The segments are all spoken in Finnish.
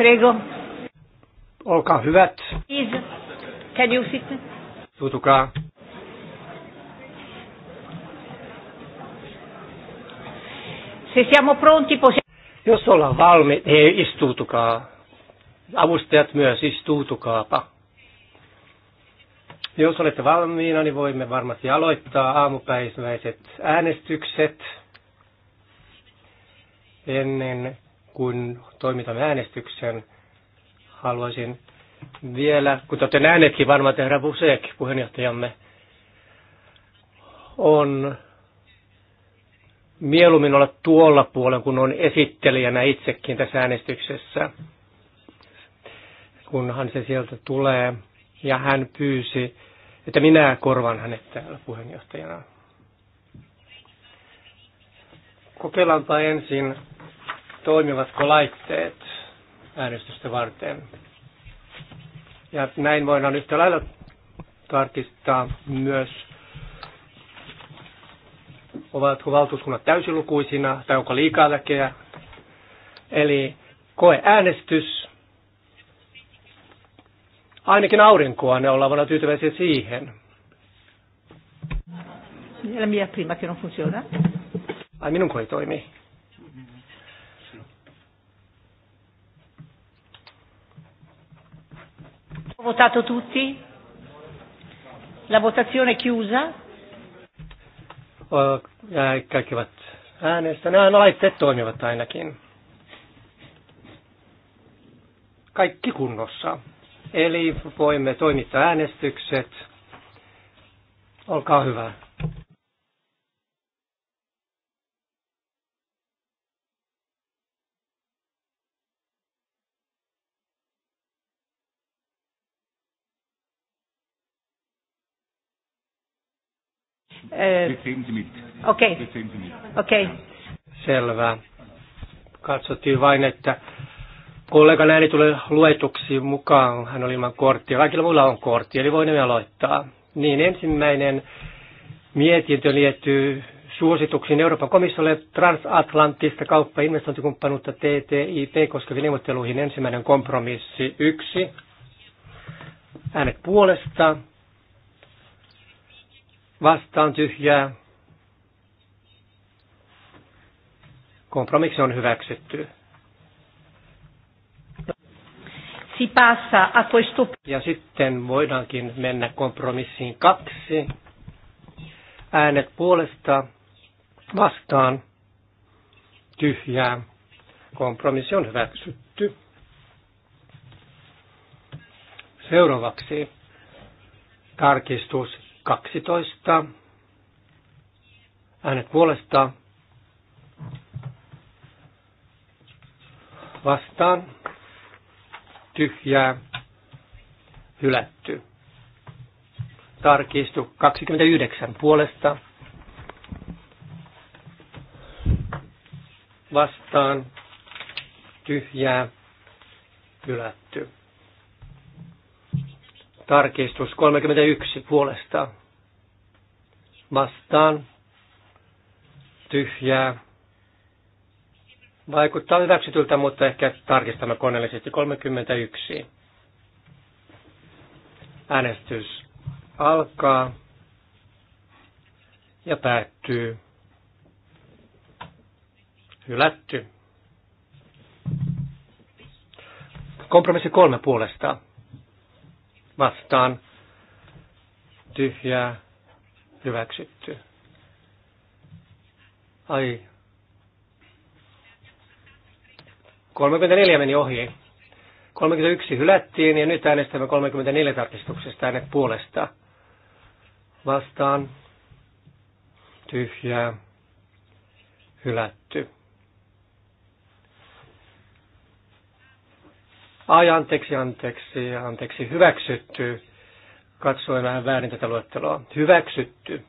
Prego. Olkaa hyvät. Please, can you sit? Tutukaa. Se siamo pronti, possiamo... Jos ollaan valmiit, hei, istuutukaa. Avustajat myös, istuutukaapa. Jos olette valmiina, niin voimme varmasti aloittaa aamupäiväiset äänestykset. Ennen kun toimitamme äänestyksen, haluaisin vielä, kun te äänetkin varmaan, tehdä herra Busek, puheenjohtajamme, on mieluummin olla tuolla puolen, kun on esittelijänä itsekin tässä äänestyksessä, kunhan se sieltä tulee. Ja hän pyysi, että minä korvan hänet täällä puheenjohtajana. Kokeillaanpa ensin toimivatko laitteet äänestystä varten. Ja näin voidaan yhtä lailla tarkistaa myös, ovatko valtuuskunnat täysilukuisina tai onko liikaa väkeä. Eli koeäänestys, ainakin aurinkoa, ne ollaan voidaan tyytyväisiä siihen. La prima che Ai toimi. Votato tutti? La votazione chiusa? Kaikki ovat äänestäneet. No, laitteet toimivat ainakin. Kaikki kunnossa. Eli voimme toimittaa äänestykset. Olkaa hyvä. Eh, okei. Okei. Selvä. Katsottiin vain, että kollega näin tulee luetuksi mukaan. Hän oli ilman korttia. Kaikilla muilla on kortti, eli voimme aloittaa. Niin, ensimmäinen mietintö liittyy suosituksiin Euroopan komissiolle transatlanttista kauppa- ja investointikumppanuutta TTIP koskeviin neuvotteluihin ensimmäinen kompromissi yksi. Äänet puolesta vastaan tyhjää. Kompromissi on hyväksytty. Si passa a questo... Ja sitten voidaankin mennä kompromissiin kaksi. Äänet puolesta vastaan tyhjää. Kompromissi on hyväksytty. Seuraavaksi tarkistus 12. Äänet puolesta vastaan tyhjää hylätty. Tarkistu 29 puolesta vastaan tyhjää hylätty. Tarkistus 31 puolesta. Vastaan. Tyhjää. Vaikuttaa hyväksytyltä, mutta ehkä tarkistamme koneellisesti. 31. Äänestys alkaa ja päättyy. Hylätty. Kompromissi kolme puolesta vastaan tyhjää hyväksytty. Ai. 34 meni ohi. 31 hylättiin ja nyt äänestämme 34 tarkistuksesta äänet puolesta. Vastaan tyhjää hylätty. Ai anteeksi, anteeksi, anteeksi, hyväksytty. Katsoin vähän väärin tätä luetteloa. Hyväksytty.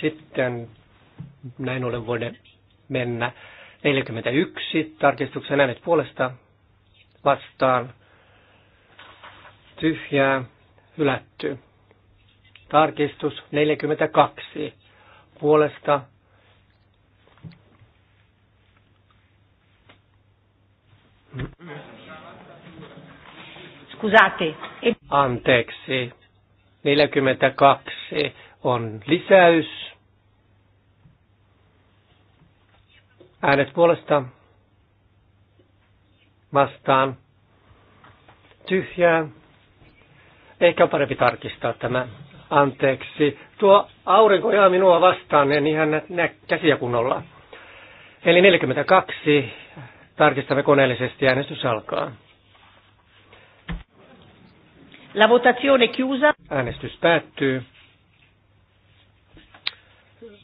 Sitten näin ollen voidaan mennä 41 tarkistuksen äänet puolesta vastaan tyhjää hylätty. Tarkistus 42 puolesta scusate. E- Anteeksi, 42 on lisäys. Äänet puolesta vastaan tyhjää. Ehkä on parempi tarkistaa tämä. Anteeksi. Tuo aurinko jää minua vastaan, en ihan näe käsiä kunnolla. Eli 42. Tarkistamme koneellisesti. Äänestys alkaa. La votazione chiusa. Äänestys päättyy.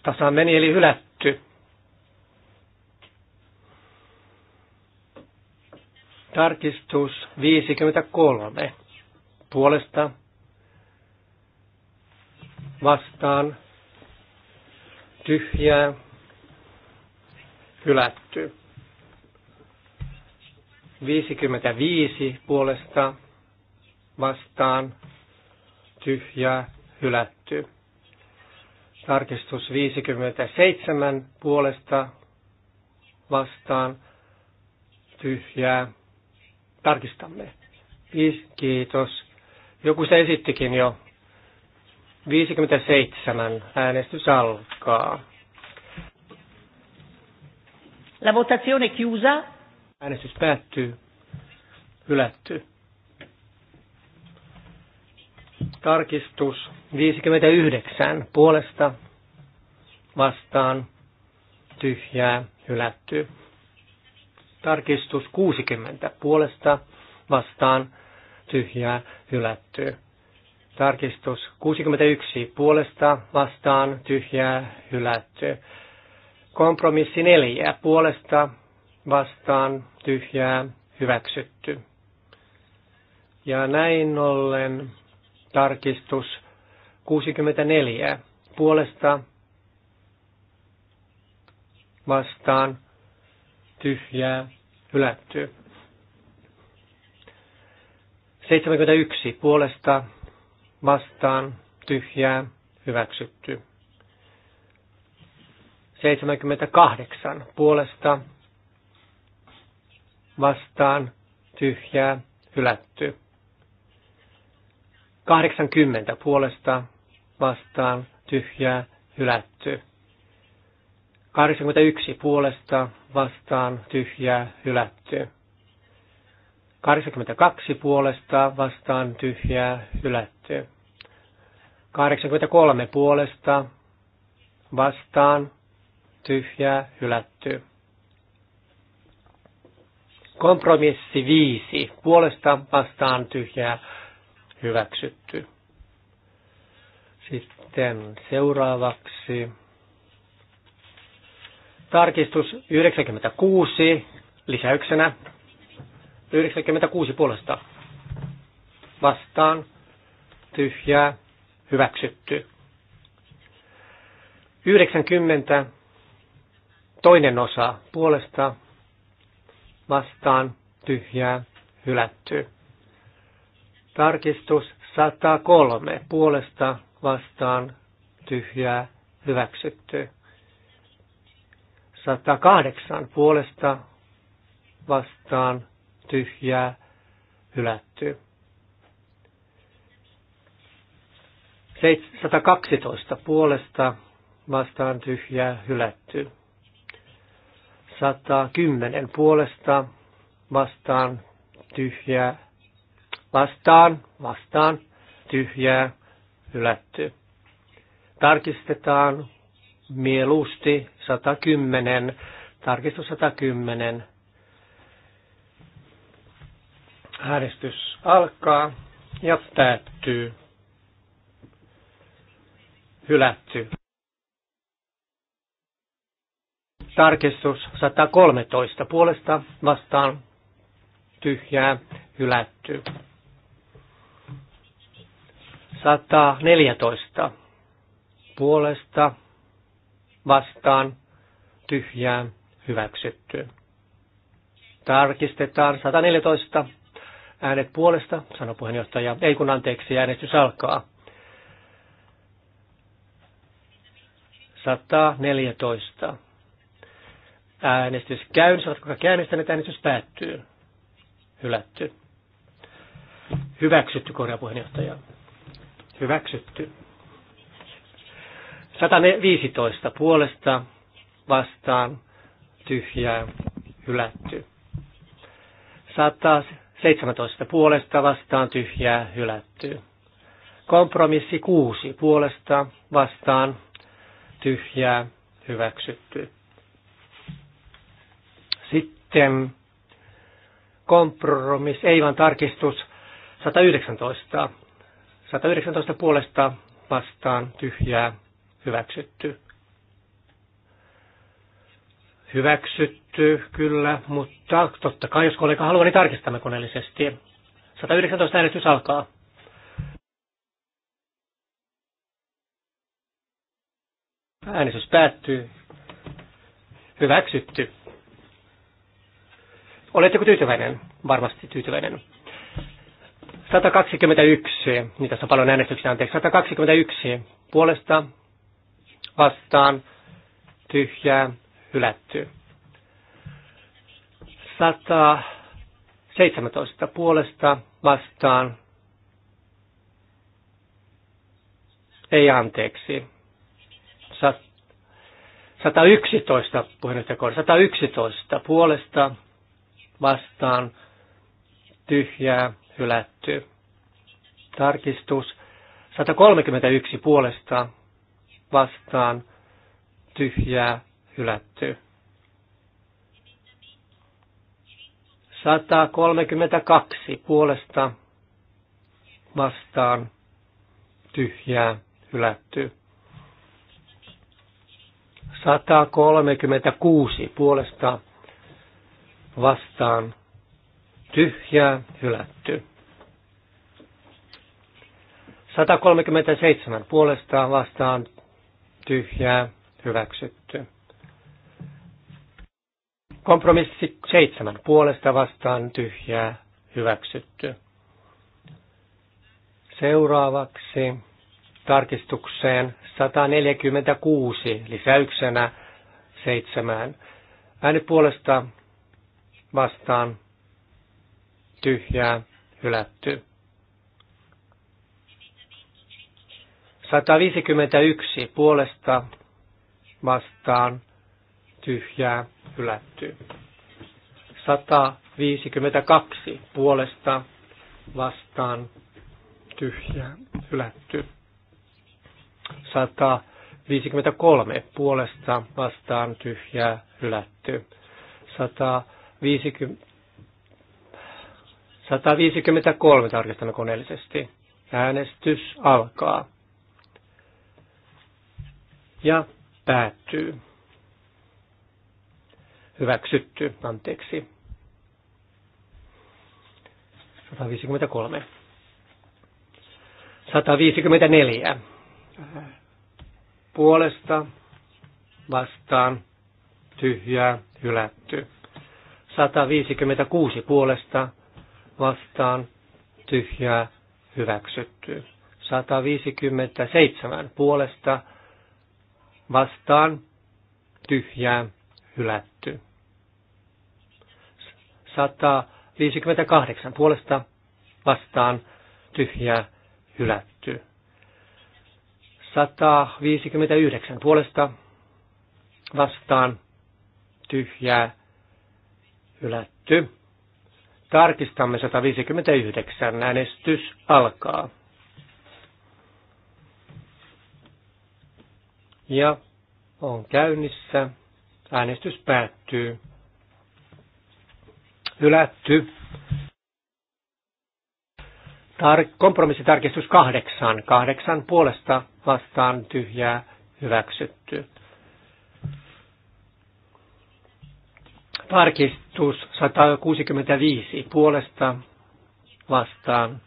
Tasan meni eli hylätty. Tarkistus 53. Puolesta vastaan tyhjää hylätty. 55 puolesta vastaan tyhjää hylätty. Tarkistus 57 puolesta vastaan tyhjää. Tarkistamme. Kiitos. Joku se esittikin jo. 57 äänestys alkaa. La votazione chiusa. Äänestys päättyy. Hylätty. Tarkistus 59 puolesta vastaan tyhjää hylätty. Tarkistus 60 puolesta vastaan tyhjää hylätty. Tarkistus 61 puolesta vastaan tyhjää hylätty. Kompromissi 4 puolesta vastaan tyhjää hyväksytty. Ja näin ollen tarkistus 64 puolesta vastaan tyhjää hylätty. 71 puolesta vastaan tyhjää hyväksytty. 78 puolesta vastaan tyhjää hylätty. 80 puolesta vastaan tyhjää hylätty. 81 puolesta vastaan tyhjää hylätty. 82 puolesta vastaan tyhjää hylätty. 83 puolesta vastaan tyhjää hylätty. Kompromissi 5 puolesta vastaan tyhjää hyväksytty. Sitten seuraavaksi tarkistus 96 lisäyksenä. 96 puolesta vastaan tyhjää hyväksytty. 90 toinen osa puolesta vastaan tyhjää hylätty. Tarkistus 103. Puolesta vastaan tyhjää hyväksytty. 108. Puolesta vastaan tyhjää hylätty. 112. Puolesta vastaan tyhjää hylätty. 110. Puolesta vastaan tyhjää Vastaan, vastaan, tyhjää, hylätty. Tarkistetaan mieluusti 110, tarkistus 110. Äänestys alkaa ja päättyy. Hylätty. Tarkistus 113 puolesta vastaan tyhjää hylätty. 114 puolesta vastaan tyhjää hyväksytty. Tarkistetaan 114 äänet puolesta, sanoi puheenjohtaja. Ei kun anteeksi, äänestys alkaa. 114. Äänestys käynnissä, oletko kaikki äänestäneet, äänestys päättyy. Hylätty. Hyväksytty korjapuheenjohtaja. puheenjohtaja. Hyväksytty. 115 puolesta vastaan tyhjää hylätty. 117 puolesta vastaan tyhjää hylätty. Kompromissi 6 puolesta vastaan tyhjää hyväksytty. Sitten kompromissi, ei vaan tarkistus 119 119 puolesta vastaan tyhjää hyväksytty. Hyväksytty kyllä, mutta totta kai jos kollega haluaa, niin tarkistamme koneellisesti. 119 äänestys alkaa. Äänestys päättyy. Hyväksytty. Oletteko tyytyväinen? Varmasti tyytyväinen. 121, niin tässä on paljon äänestyksiä, anteeksi, 121 puolesta vastaan tyhjää hylätty. 117 puolesta vastaan ei anteeksi. 111 puheenjohtajakohde, 111 puolesta vastaan tyhjää hylätty. Tarkistus 131 puolesta vastaan tyhjää hylätty. 132 puolesta vastaan tyhjää hylätty. 136 puolesta vastaan tyhjää, hylätty. 137 puolesta vastaan tyhjää, hyväksytty. Kompromissi 7 puolesta vastaan tyhjää, hyväksytty. Seuraavaksi tarkistukseen 146 lisäyksenä 7. Ääni puolesta vastaan tyhjää, hylätty. 151 puolesta vastaan tyhjää hylätty. 152 puolesta vastaan tyhjää hylätty. 153 puolesta vastaan tyhjää hylätty. 150 153 tarkistamme koneellisesti. Äänestys alkaa. Ja päättyy. Hyväksytty, anteeksi. 153. 154. Puolesta vastaan tyhjää hylätty. 156 puolesta vastaan tyhjää hyväksytty. 157 puolesta vastaan tyhjää hylätty. 158 puolesta vastaan tyhjää hylätty. 159 puolesta vastaan tyhjää hylätty. Tarkistamme 159. Äänestys alkaa. Ja on käynnissä. Äänestys päättyy. Hylätty. Tar- kompromissitarkistus 8. 8 puolesta vastaan tyhjää hyväksytty. Tarkistus 165 puolesta vastaan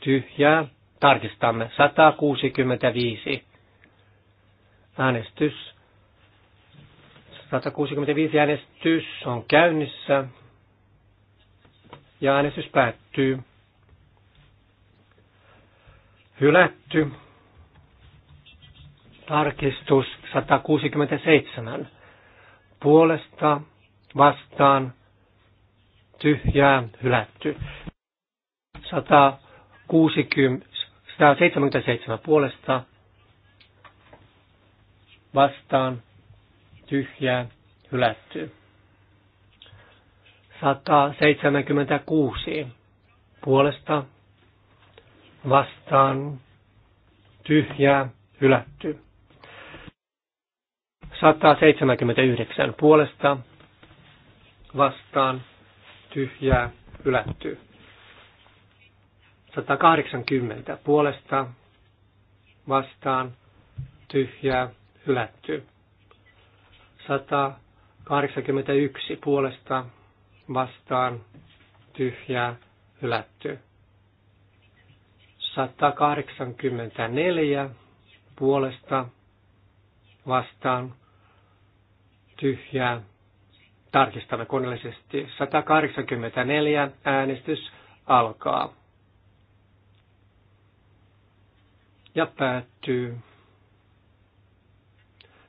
tyhjää. Tarkistamme 165. Äänestys. 165 äänestys on käynnissä ja äänestys päättyy. Hylätty. Tarkistus 167 puolesta vastaan tyhjää hylätty. 160, 177 puolesta vastaan tyhjää hylätty. 176 puolesta vastaan tyhjää hylätty. 179 puolesta vastaan tyhjää hylättyy. 180 puolesta vastaan tyhjää hylättyy. 181 puolesta vastaan tyhjää hylättyy. 184 puolesta vastaan tyhjää. Tarkistamme koneellisesti. 184 äänestys alkaa. Ja päättyy.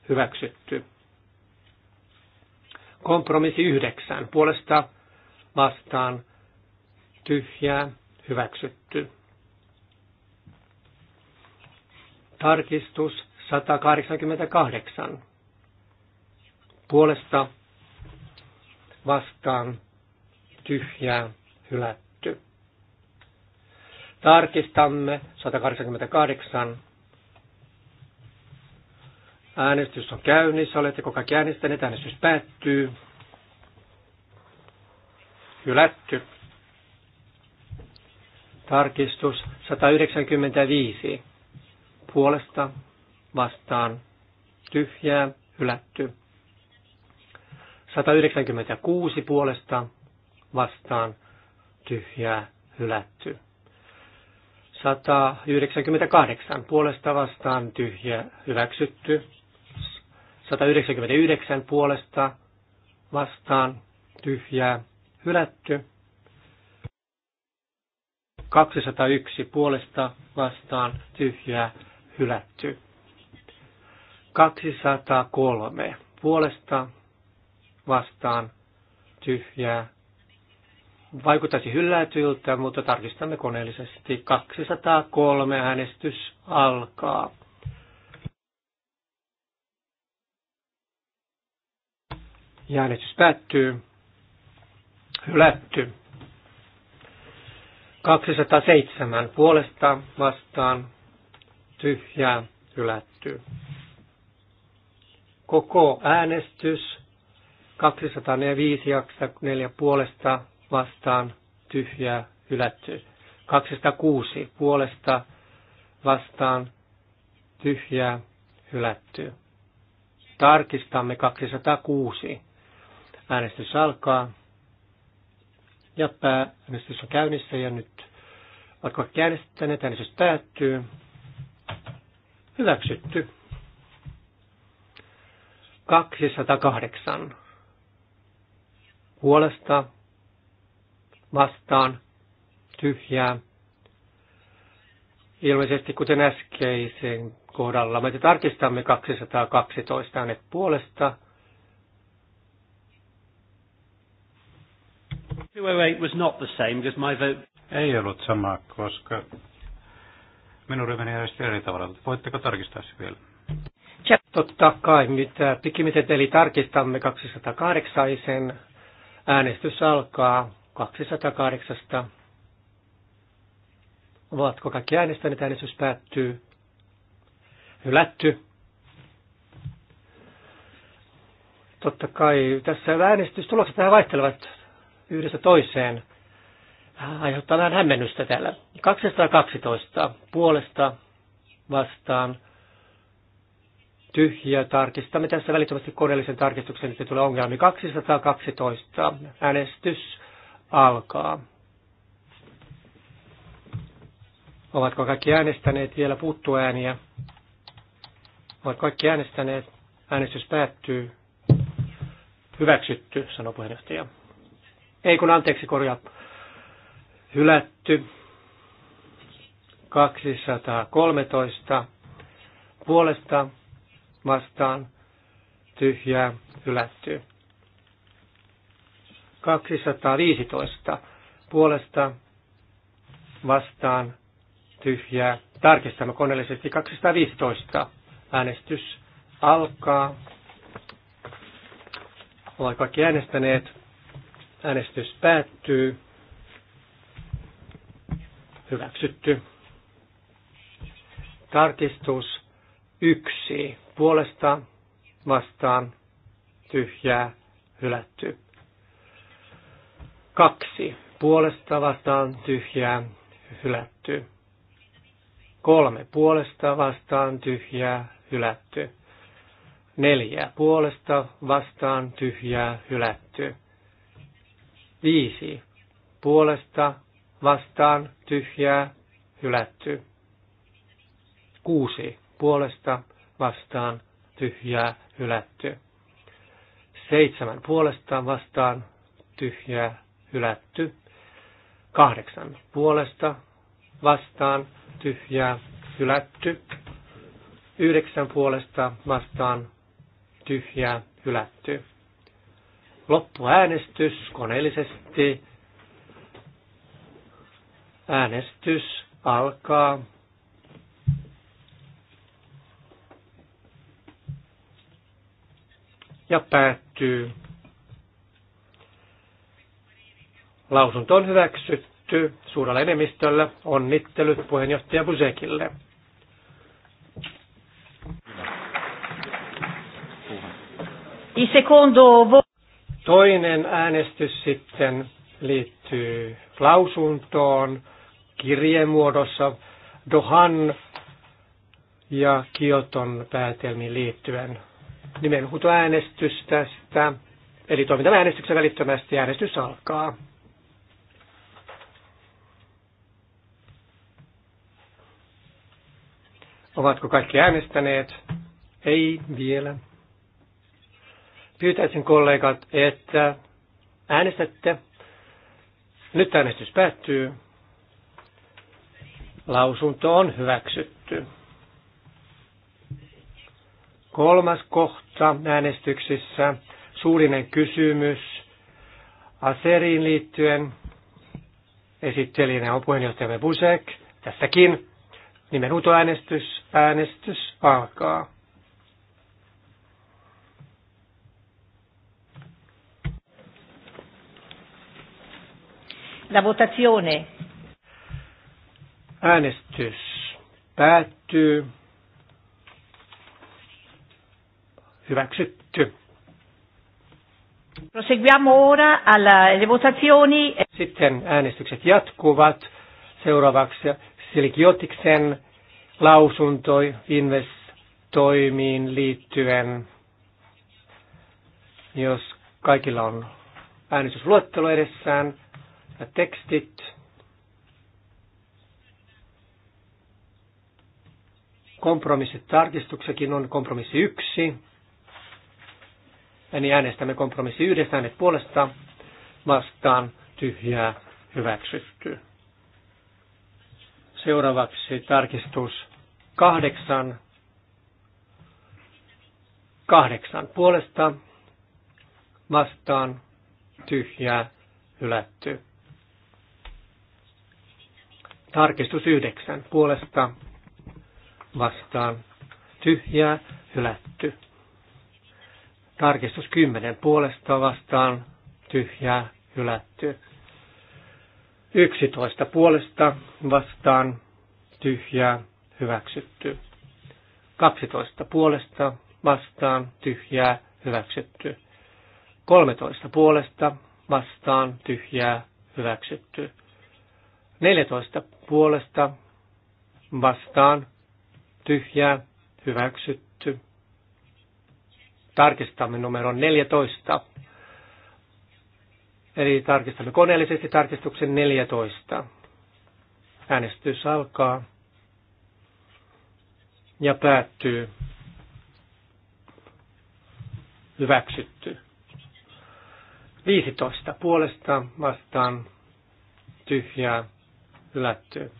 Hyväksytty. Kompromissi 9 Puolesta vastaan tyhjää hyväksytty. Tarkistus 188 puolesta vastaan tyhjää hylätty. Tarkistamme 188. Äänestys on käynnissä. Oletteko kaikki äänestäneet? Äänestys päättyy. Hylätty. Tarkistus 195. Puolesta vastaan tyhjää hylätty. 196 puolesta vastaan tyhjää hylätty. 198 puolesta vastaan tyhjä hyväksytty. 199 puolesta vastaan tyhjää hylätty. 201 puolesta vastaan tyhjää hylätty. 203 puolesta vastaan tyhjää. Vaikuttaisi hyllätyltä, mutta tarkistamme koneellisesti. 203 äänestys alkaa. Ja äänestys päättyy. Hylätty. 207 puolesta vastaan tyhjää hylätty. Koko äänestys 205 jaksa 4 puolesta vastaan tyhjää hylätty. 206 puolesta vastaan tyhjää hylätty. Tarkistamme 206. Äänestys alkaa. Ja pää, äänestys on käynnissä ja nyt vaikka kaikki äänestys päättyy. Hyväksytty. 208 puolesta vastaan tyhjää. Ilmeisesti kuten äskeisen kohdalla, me tarkistamme 212 äänet puolesta. Oh was not the same because my vote... Ei ollut sama, koska minun ryhmäni järjesti eri tavalla. Voitteko tarkistaa se vielä? Totta kai, mitä pikimiset, eli tarkistamme 208 sen Äänestys alkaa 208. Ovatko kaikki äänestäneet? Äänestys päättyy. Hylätty. Totta kai tässä äänestystulokset vähän vaihtelevat yhdestä toiseen. Aiheuttaa vähän hämmennystä täällä. 212 puolesta vastaan tyhjiä Tarkistamme tässä välittömästi koneellisen tarkistuksen, että tulee ongelmia. 212. Äänestys alkaa. Ovatko kaikki äänestäneet? Vielä puuttuu ääniä. Ovat kaikki äänestäneet. Äänestys päättyy. Hyväksytty, sanoi puheenjohtaja. Ei kun anteeksi korjaa. Hylätty. 213 puolesta vastaan tyhjää hylättyä. 215 puolesta vastaan tyhjää. Tarkistamme koneellisesti 215. Äänestys alkaa. Ollaan kaikki äänestäneet. Äänestys päättyy. Hyväksytty. Tarkistus yksi puolesta vastaan tyhjää hylätty. Kaksi puolesta vastaan tyhjää hylätty. Kolme puolesta vastaan tyhjää hylätty. Neljä puolesta vastaan tyhjää hylätty. Viisi puolesta vastaan tyhjää hylätty. Kuusi puolesta vastaan tyhjää hylätty. Seitsemän puolesta vastaan tyhjää hylätty. Kahdeksan puolesta vastaan tyhjää hylätty. Yhdeksän puolesta vastaan tyhjää hylätty. Loppuäänestys koneellisesti. Äänestys alkaa. ja päättyy. Lausunto on hyväksytty suurella enemmistöllä. Onnittelut puheenjohtaja Busekille. Toinen äänestys sitten liittyy lausuntoon kirjemuodossa Dohan ja Kioton päätelmiin liittyen nimenhuutoäänestys tästä. Eli toimitamme äänestyksen välittömästi. Äänestys alkaa. Ovatko kaikki äänestäneet? Ei vielä. Pyytäisin kollegat, että äänestätte. Nyt äänestys päättyy. Lausunto on hyväksytty. Kolmas kohta äänestyksissä, suullinen kysymys Aseriin liittyen. Esittelijänä on puheenjohtajamme Busek. Tässäkin nimenhuutoäänestys, äänestys alkaa. La votazione. Äänestys päättyy. Hyväksytty. Proseguiamo ora alle votazioni. Sitten äänestykset jatkuvat. Seuraavaksi Silikiotiksen lausunto investoimiin liittyen. Jos kaikilla on äänestysluettelo edessään ja tekstit. Kompromissit on kompromissi yksi niin äänestämme kompromissi yhdessä äänet puolesta vastaan tyhjää hyväksytty. Seuraavaksi tarkistus kahdeksan. Kahdeksan puolesta vastaan tyhjää hylätty. Tarkistus yhdeksän puolesta vastaan tyhjää hylätty. Tarkistus 10 puolesta vastaan tyhjää hylätty. 11 puolesta vastaan tyhjää hyväksytty. 12 puolesta vastaan tyhjää hyväksytty. 13 puolesta vastaan tyhjää hyväksytty. 14 puolesta vastaan tyhjää hyväksytty tarkistamme numero 14. Eli tarkistamme koneellisesti tarkistuksen 14. Äänestys alkaa ja päättyy. Hyväksytty. 15 puolesta vastaan tyhjää hylätty.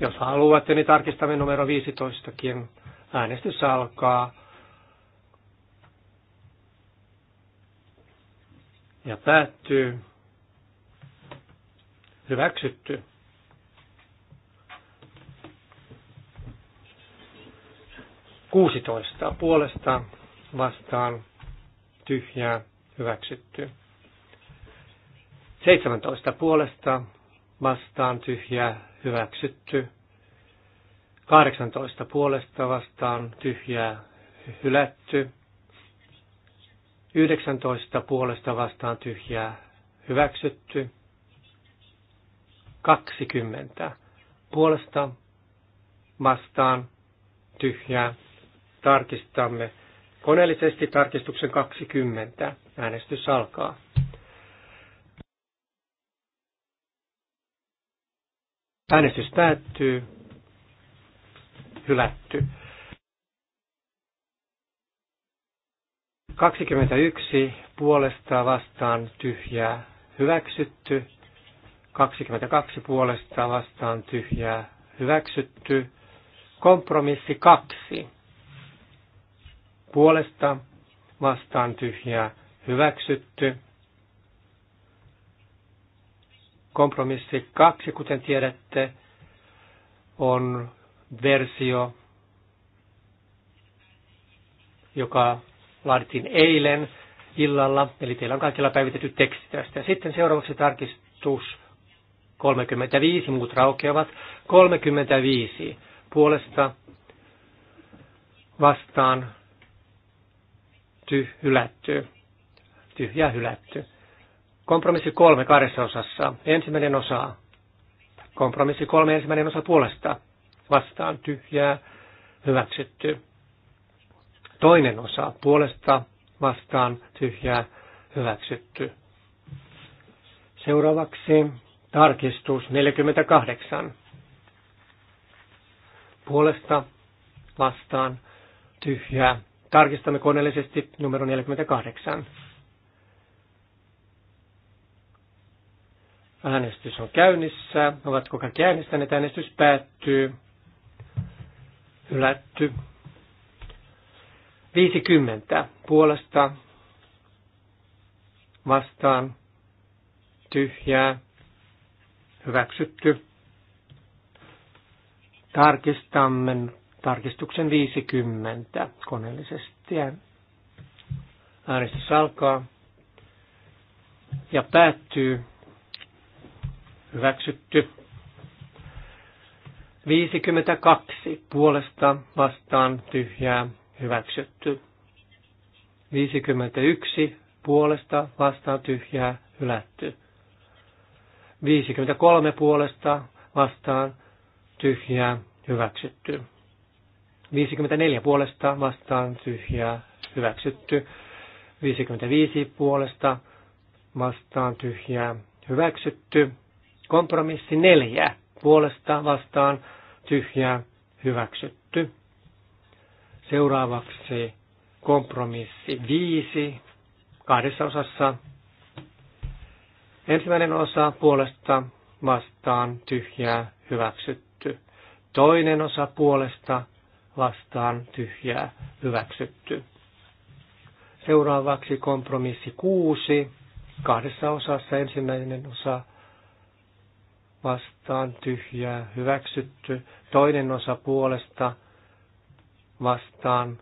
Jos haluatte, niin tarkistamme numero 15kin. Äänestys alkaa. Ja päättyy. Hyväksytty. Kuusitoista puolesta vastaan tyhjää hyväksytty. 17 puolesta vastaan tyhjää hyväksytty. 18 puolesta vastaan tyhjää hylätty. 19 puolesta vastaan tyhjää hyväksytty. 20 puolesta vastaan tyhjää tarkistamme. Koneellisesti tarkistuksen 20. Äänestys alkaa. Äänestys päättyy hylätty. 21 puolesta vastaan tyhjää hyväksytty. 22 puolesta vastaan tyhjää hyväksytty. Kompromissi 2 puolesta vastaan tyhjää hyväksytty. Kompromissi 2, kuten tiedätte, on versio, joka laadittiin eilen illalla, eli teillä on kaikilla päivitetty teksti tästä. Ja sitten seuraavaksi tarkistus 35, muut raukeavat. 35 puolesta vastaan ty, hylätty, tyhjä hylätty. Kompromissi kolme kahdessa osassa. Ensimmäinen osa. Kompromissi kolme ensimmäinen osa puolesta vastaan tyhjää hyväksytty. Toinen osa puolesta vastaan tyhjää hyväksytty. Seuraavaksi tarkistus 48. Puolesta vastaan tyhjää. Tarkistamme koneellisesti numero 48. Äänestys on käynnissä. Ovatko kaikki äänestäneet? Äänestys päättyy. Hylätty. 50 puolesta vastaan tyhjää hyväksytty. Tarkistamme tarkistuksen 50 koneellisesti. Äänestys alkaa ja päättyy. Hyväksytty. 52 puolesta vastaan tyhjää hyväksytty. 51 puolesta vastaan tyhjää hylätty. 53 puolesta vastaan tyhjää hyväksytty. 54 puolesta vastaan tyhjää hyväksytty. 55 puolesta vastaan tyhjää hyväksytty. Kompromissi 4 puolesta vastaan tyhjää hyväksytty. Seuraavaksi kompromissi viisi kahdessa osassa. Ensimmäinen osa puolesta vastaan tyhjää hyväksytty. Toinen osa puolesta vastaan tyhjää hyväksytty. Seuraavaksi kompromissi kuusi kahdessa osassa. Ensimmäinen osa vastaan tyhjää hyväksytty, toinen osa puolesta vastaan.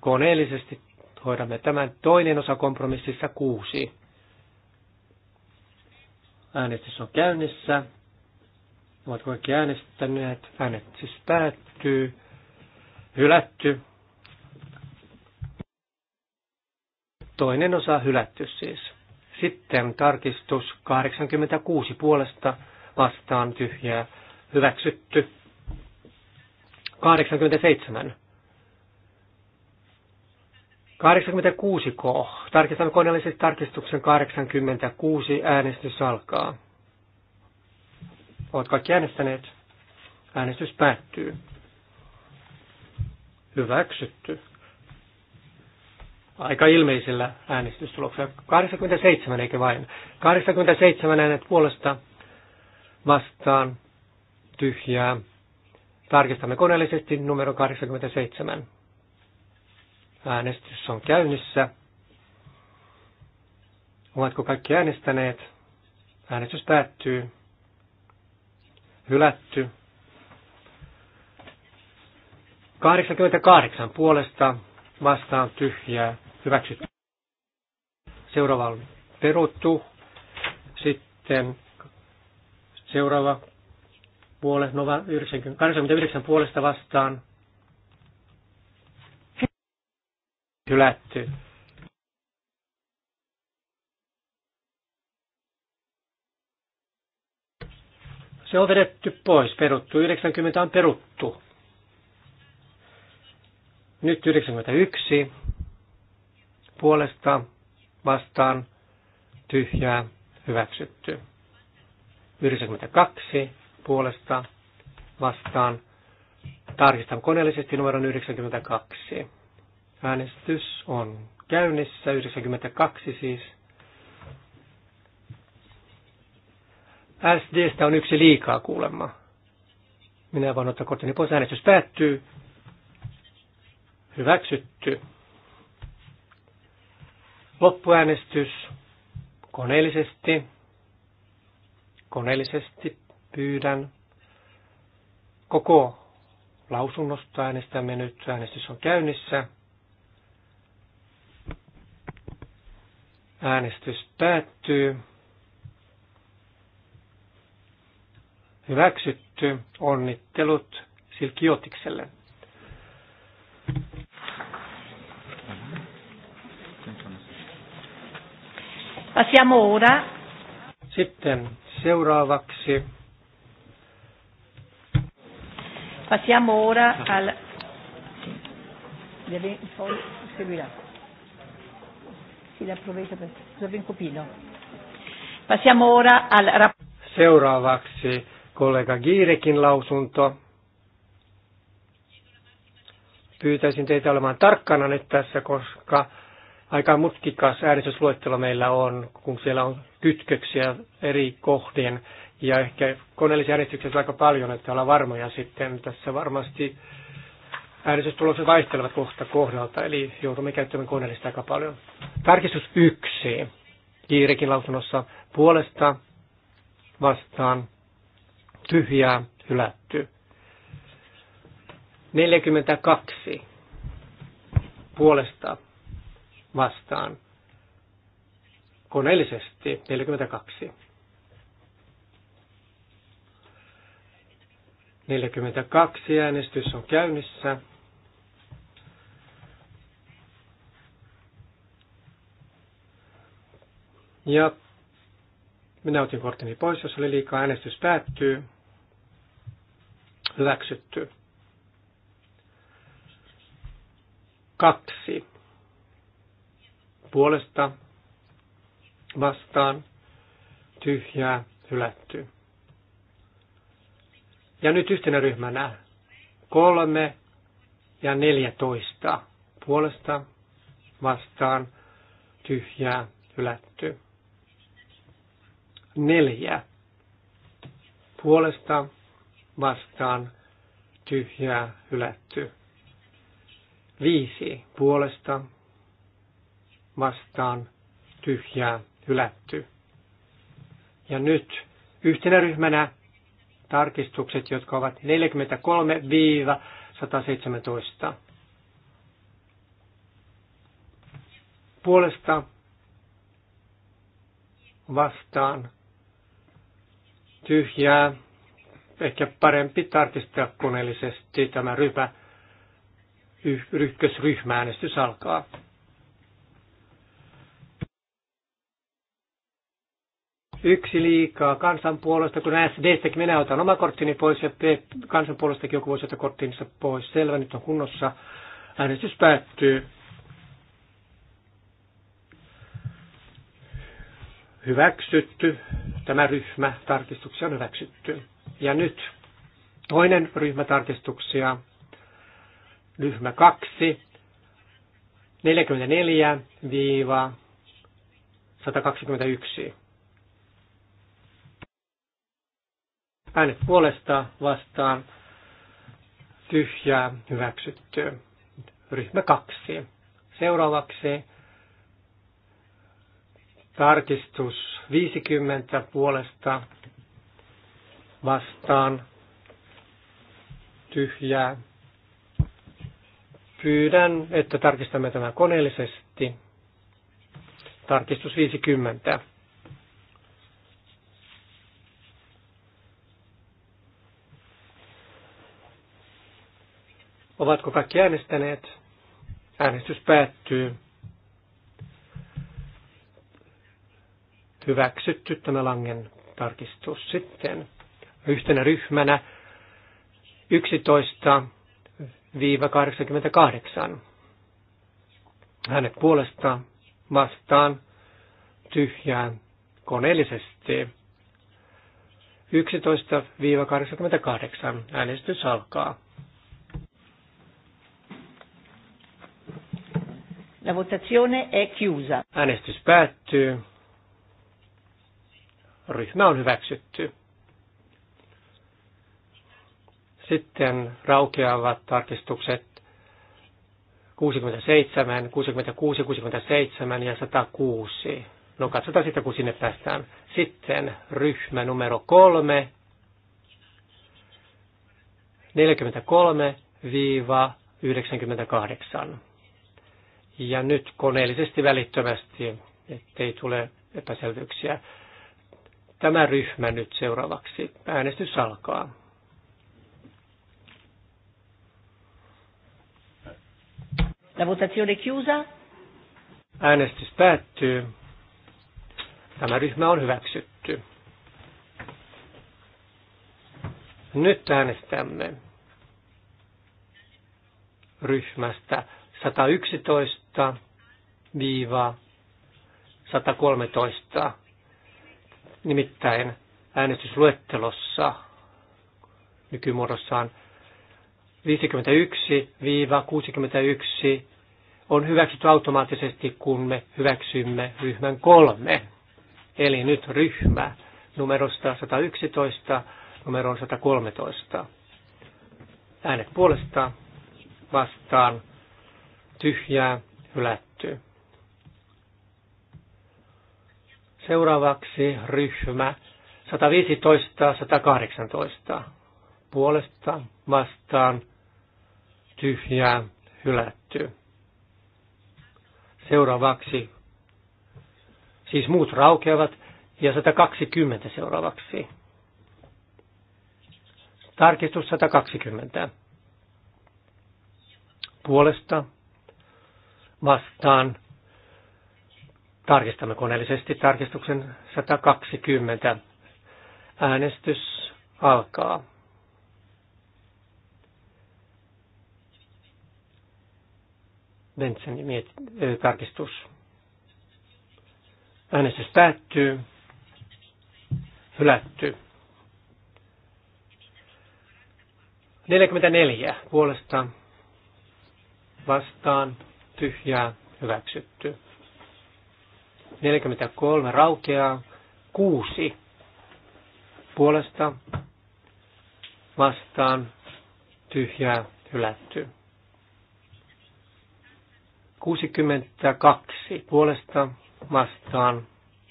Koneellisesti hoidamme tämän toinen osa kompromississa kuusi. Äänestys on käynnissä. Ovat kaikki äänestäneet. Äänestys päättyy. Hylätty. Toinen osa hylätty siis. Sitten tarkistus 86 puolesta vastaan tyhjää hyväksytty. 87. 86 K. tarkistamme koneellisesti tarkistuksen 86. Äänestys alkaa. Olet kaikki äänestäneet. Äänestys päättyy. Hyväksytty aika ilmeisellä äänestystuloksella. 87, eikä vain? 87 äänet puolesta vastaan tyhjää. Tarkistamme koneellisesti numero 87. Äänestys on käynnissä. Ovatko kaikki äänestäneet? Äänestys päättyy. Hylätty. 88 puolesta vastaan tyhjää. Hyväksytty. Seuraava on peruttu. Sitten seuraava puole, Nova 90, 89 puolesta vastaan. Hylätty. Se on vedetty pois, peruttu. 90 on peruttu. Nyt 91 puolesta vastaan tyhjää hyväksytty. 92 puolesta vastaan. Tarkistan koneellisesti numeron 92. Äänestys on käynnissä, 92 siis. SDstä on yksi liikaa kuulemma. Minä voin ottaa kortini pois. Äänestys päättyy. Hyväksytty. Loppuäänestys koneellisesti. Koneellisesti pyydän. Koko lausunnosta äänestämme nyt. Äänestys on käynnissä. Äänestys päättyy. Hyväksytty. Onnittelut Silkiotikselle. Passiamo ora. Sitten seuraavaksi. Passiamo ora no. al... Deve poi seguirà. Si la provvede per Giovin Copino. Passiamo ora al... Seuraavaksi kollega Giirekin lausunto. Pyytäisin teitä olemaan tarkkana nyt tässä, koska aika mutkikas äänestysluettelo meillä on, kun siellä on kytköksiä eri kohdien ja ehkä koneellisia äänestyksiä aika paljon, että ollaan varmoja sitten. Tässä varmasti äänestystulokset vaihtelevat kohta kohdalta, eli joudumme käyttämään koneellista aika paljon. Tarkistus yksi. Kiirikin lausunnossa puolesta vastaan tyhjää hylätty. 42 puolesta vastaan. Koneellisesti 42. 42 äänestys on käynnissä. Ja minä otin kortini pois, jos oli liikaa äänestys päättyy. Hyväksytty. Kaksi puolesta vastaan tyhjää hylätty. Ja nyt yhtenä ryhmänä kolme ja neljätoista puolesta vastaan tyhjää hylätty. Neljä puolesta vastaan tyhjää hylätty. Viisi puolesta vastaan tyhjää hylätty. Ja nyt yhtenä ryhmänä tarkistukset, jotka ovat 43-117. Puolesta vastaan tyhjää, ehkä parempi tarkistaa koneellisesti tämä ryhmä, ykkösryhmäänestys alkaa. yksi liikaa kansanpuolesta, kun SDstäkin minä otan oma korttini pois ja kansan puolestakin joku voisi ottaa korttinsa pois. Selvä, nyt on kunnossa. Äänestys päättyy. Hyväksytty. Tämä ryhmä tarkistuksia on hyväksytty. Ja nyt toinen ryhmä tarkistuksia. Ryhmä kaksi. 44-121. Äänet puolesta vastaan tyhjää hyväksytty. Ryhmä kaksi. Seuraavaksi tarkistus 50 puolesta vastaan tyhjää. Pyydän, että tarkistamme tämä koneellisesti. Tarkistus 50. Ovatko kaikki äänestäneet? Äänestys päättyy. Hyväksytty tämä langen tarkistus sitten. Yhtenä ryhmänä 11-88. Hänet puolesta vastaan tyhjään koneellisesti. 11-88 äänestys alkaa. La votazione è chiusa. Äänestys päättyy. Ryhmä on hyväksytty. Sitten raukeavat tarkistukset 67, 66, 67 ja 106. No katsotaan sitä, kun sinne päästään. Sitten ryhmä numero 3, 43-98 ja nyt koneellisesti välittömästi, ettei tule epäselvyyksiä. Tämä ryhmä nyt seuraavaksi. Äänestys alkaa. La votazione chiusa. Äänestys päättyy. Tämä ryhmä on hyväksytty. Nyt äänestämme ryhmästä 111 viiva 113. Nimittäin äänestysluettelossa nykymuodossaan 51-61 on hyväksytty automaattisesti, kun me hyväksymme ryhmän kolme. Eli nyt ryhmä numerosta 111 numeroon 113. Äänet puolesta vastaan tyhjää hylätty. Seuraavaksi ryhmä 115-118 puolesta vastaan tyhjää hylätty. Seuraavaksi, siis muut raukeavat, ja 120 seuraavaksi. Tarkistus 120. Puolesta vastaan. Tarkistamme koneellisesti tarkistuksen 120. Äänestys alkaa. Bentsen miet, tarkistus. Äänestys päättyy. Hylätty. 44 puolesta vastaan tyhjää hyväksytty. 43 raukeaa, 6 puolesta vastaan tyhjää hylätty. 62 puolesta vastaan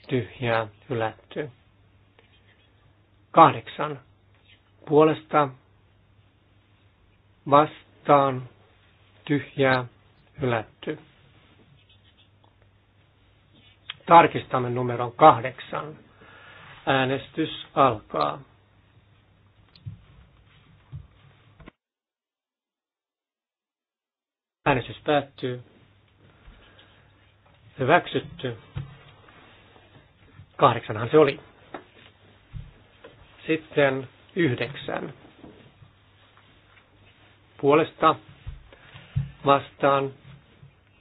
tyhjää hylätty. 8 puolesta vastaan tyhjää hylätty. Tarkistamme numeron kahdeksan. Äänestys alkaa. Äänestys päättyy. Hyväksytty. Kahdeksanhan se oli. Sitten yhdeksän. Puolesta vastaan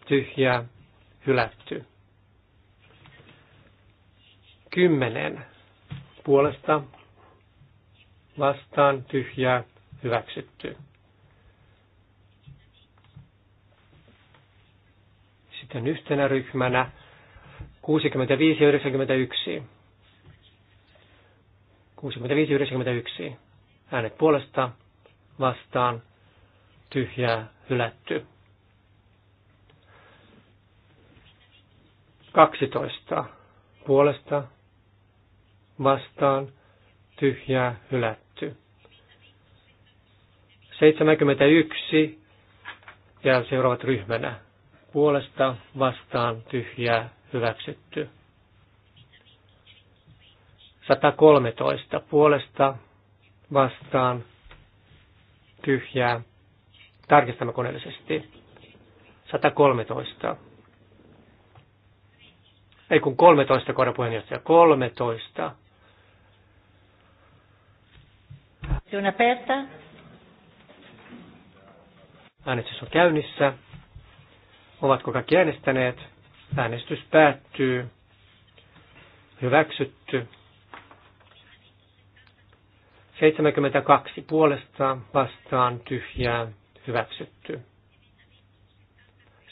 tyhjää, hylätty. Kymmenen puolesta vastaan tyhjää, hyväksytty. Sitten yhtenä ryhmänä 65 ja 91. 65 ja 91. Äänet puolesta vastaan tyhjää hylätty. 12 puolesta vastaan tyhjää hylätty. 71 ja seuraavat ryhmänä puolesta vastaan tyhjää hyväksytty. 113 puolesta vastaan tyhjää tarkistamme koneellisesti. 113 ei kun 13 kohdan puheenjohtaja, 13. Juna Pertta. Äänestys on käynnissä. Ovatko kaikki äänestäneet? Äänestys päättyy. Hyväksytty. 72 puolesta vastaan tyhjää hyväksytty.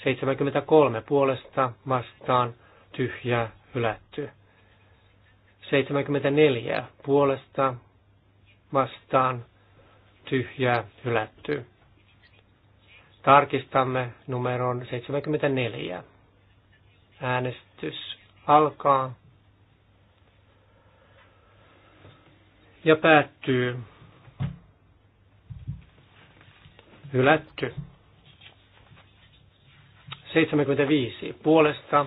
73 puolesta vastaan tyhjää hylätty. 74 puolesta vastaan tyhjää hylätty. Tarkistamme numeron 74. Äänestys alkaa ja päättyy. Hylätty. 75 puolesta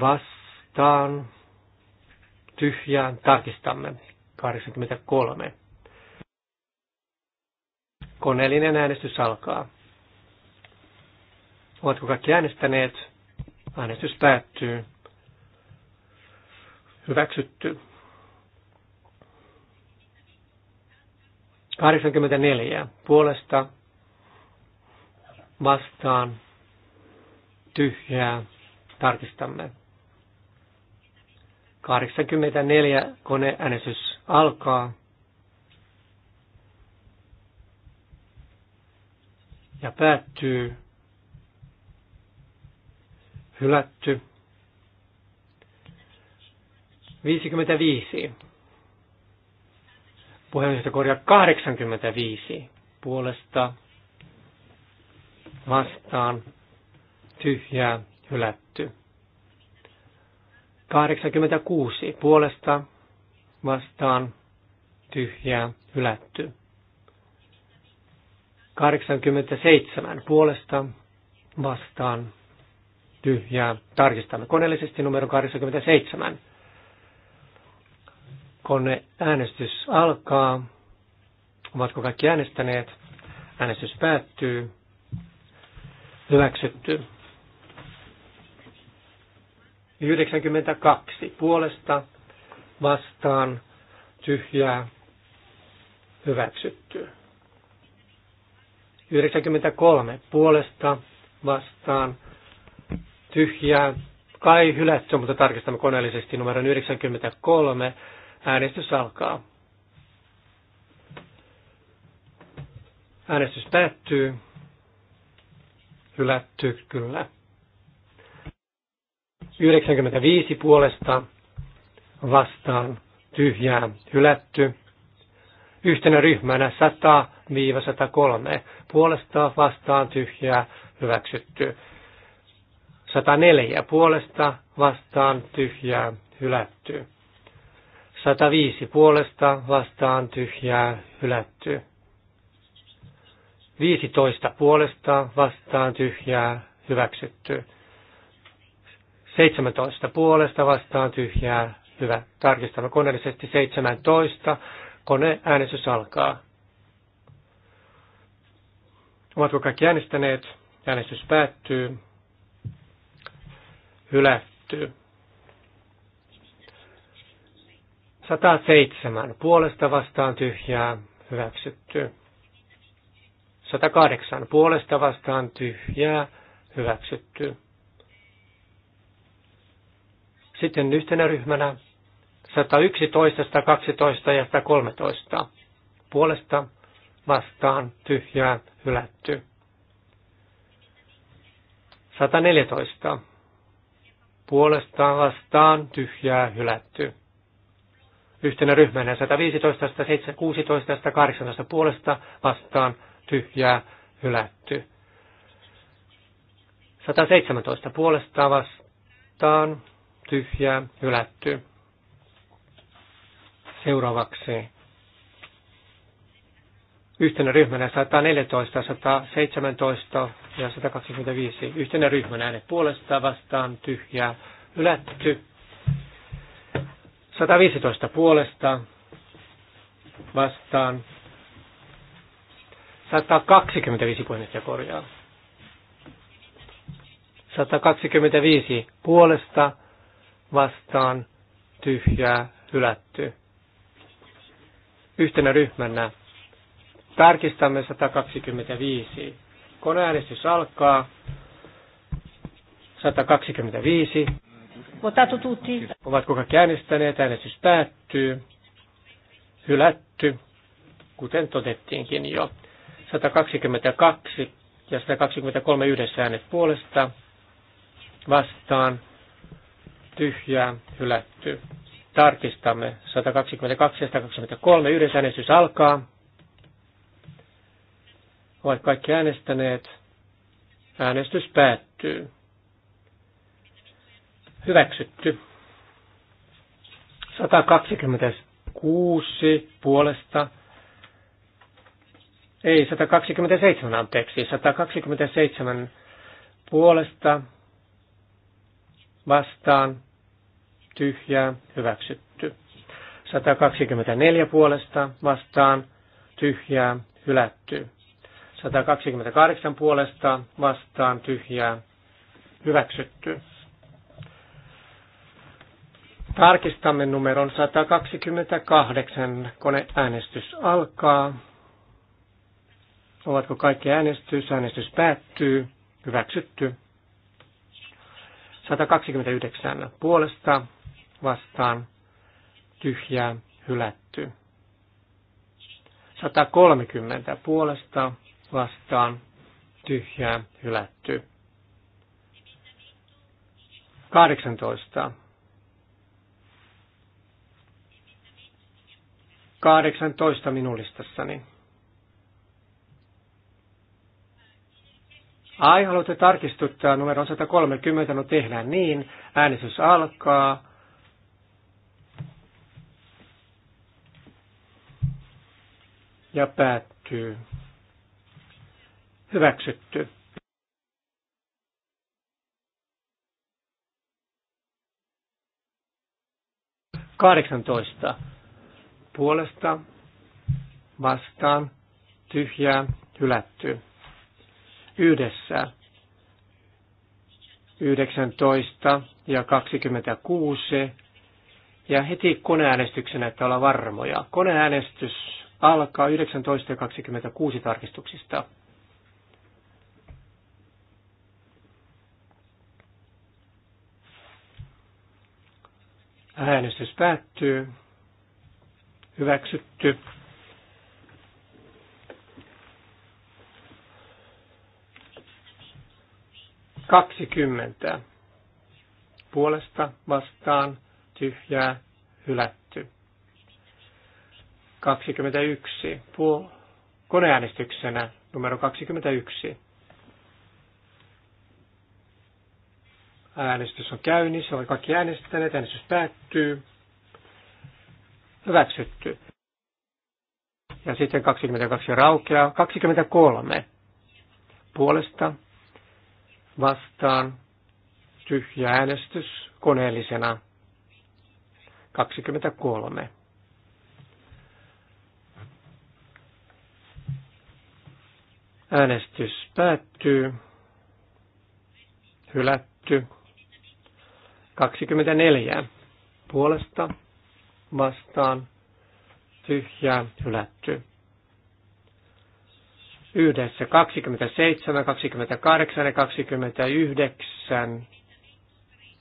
vastaan tyhjään tarkistamme 83. Koneellinen äänestys alkaa. Ovatko kaikki äänestäneet? Äänestys päättyy. Hyväksytty. 84. Puolesta vastaan tyhjää tarkistamme. 84 koneäänestys alkaa. Ja päättyy. Hylätty. 55. Puheenjohtaja korjaa 85 puolesta vastaan tyhjää hylätty. 86 puolesta vastaan tyhjää hylätty. 87 puolesta vastaan tyhjää. Tarkistamme koneellisesti numero 87. Kone äänestys alkaa. Ovatko kaikki äänestäneet? Äänestys päättyy. Hyväksytty. 92 puolesta vastaan tyhjää hyväksytty. 93 puolesta vastaan tyhjää kai hylätty, mutta tarkistamme koneellisesti numero 93. Äänestys alkaa. Äänestys päättyy. Hylätty, kyllä. 95 puolesta vastaan tyhjää hylätty. Yhtenä ryhmänä 100-103 puolesta vastaan tyhjää hyväksytty. 104 puolesta vastaan tyhjää hylätty. 105 puolesta vastaan tyhjää hylätty. 15 puolesta vastaan tyhjää hyväksytty. 17 puolesta vastaan tyhjää. Hyvä. Tarkistamme koneellisesti 17. Kone äänestys alkaa. Ovatko kaikki äänestäneet? Äänestys päättyy. Hylättyy. 107. Puolesta vastaan tyhjää. Hyväksytty. 108. Puolesta vastaan tyhjää. Hyväksytty. Sitten yhtenä ryhmänä 111, 112 ja 113. Puolesta vastaan tyhjää hylätty. 114. Puolestaan vastaan tyhjää hylätty. Yhtenä ryhmänä 115, 116 ja 118 puolesta vastaan tyhjää hylätty. 117 puolesta vastaan tyhjää, hylätty. Seuraavaksi yhtenä ryhmänä 114, 117 ja 125. Yhtenä ryhmänä äänet puolesta vastaan tyhjää, hylätty. 115 puolesta vastaan 125 puheenjohtaja korjaa. 125 puolesta vastaan tyhjää hylätty. Yhtenä ryhmänä tarkistamme 125. Koneäänestys alkaa. 125. Votato tutti. Ovatko kaikki äänestäneet? Äänestys päättyy. Hylätty, kuten todettiinkin jo. 122 ja 123 yhdessä äänet puolesta vastaan tyhjää, hylätty. Tarkistamme 122 ja 123. Yhdessä äänestys alkaa. Ovat kaikki äänestäneet. Äänestys päättyy. Hyväksytty. 126 puolesta. Ei, 127 anteeksi. 127 puolesta vastaan tyhjää hyväksytty. 124 puolesta vastaan tyhjää hylätty. 128 puolesta vastaan tyhjää hyväksytty. Tarkistamme numeron 128. Koneäänestys alkaa. Ovatko kaikki äänestys? Äänestys päättyy. Hyväksytty. 129 puolesta vastaan tyhjää hylätty. 130 puolesta vastaan tyhjää hylätty. 18. 18 minun listassani. Ai, haluatte tarkistuttaa numero 130, no tehdään niin. Äänestys alkaa. Ja päättyy. Hyväksytty. Kahdeksantoista. Puolesta, vastaan, tyhjää, hylätty yhdessä 19 ja 26 ja heti koneäänestyksenä, että olla varmoja. Koneäänestys alkaa 19 ja 26 tarkistuksista. Äänestys päättyy. Hyväksytty. 20 puolesta vastaan tyhjää hylätty. 21 puol- koneäänestyksenä numero 21. Äänestys on käynnissä, oli kaikki äänestäneet, äänestys päättyy. Hyväksytty. Ja sitten 22 raukeaa. 23 puolesta vastaan tyhjä äänestys koneellisena 23. Äänestys päättyy. Hylätty. 24. Puolesta vastaan tyhjää hylätty yhdessä 27, 28 ja 29.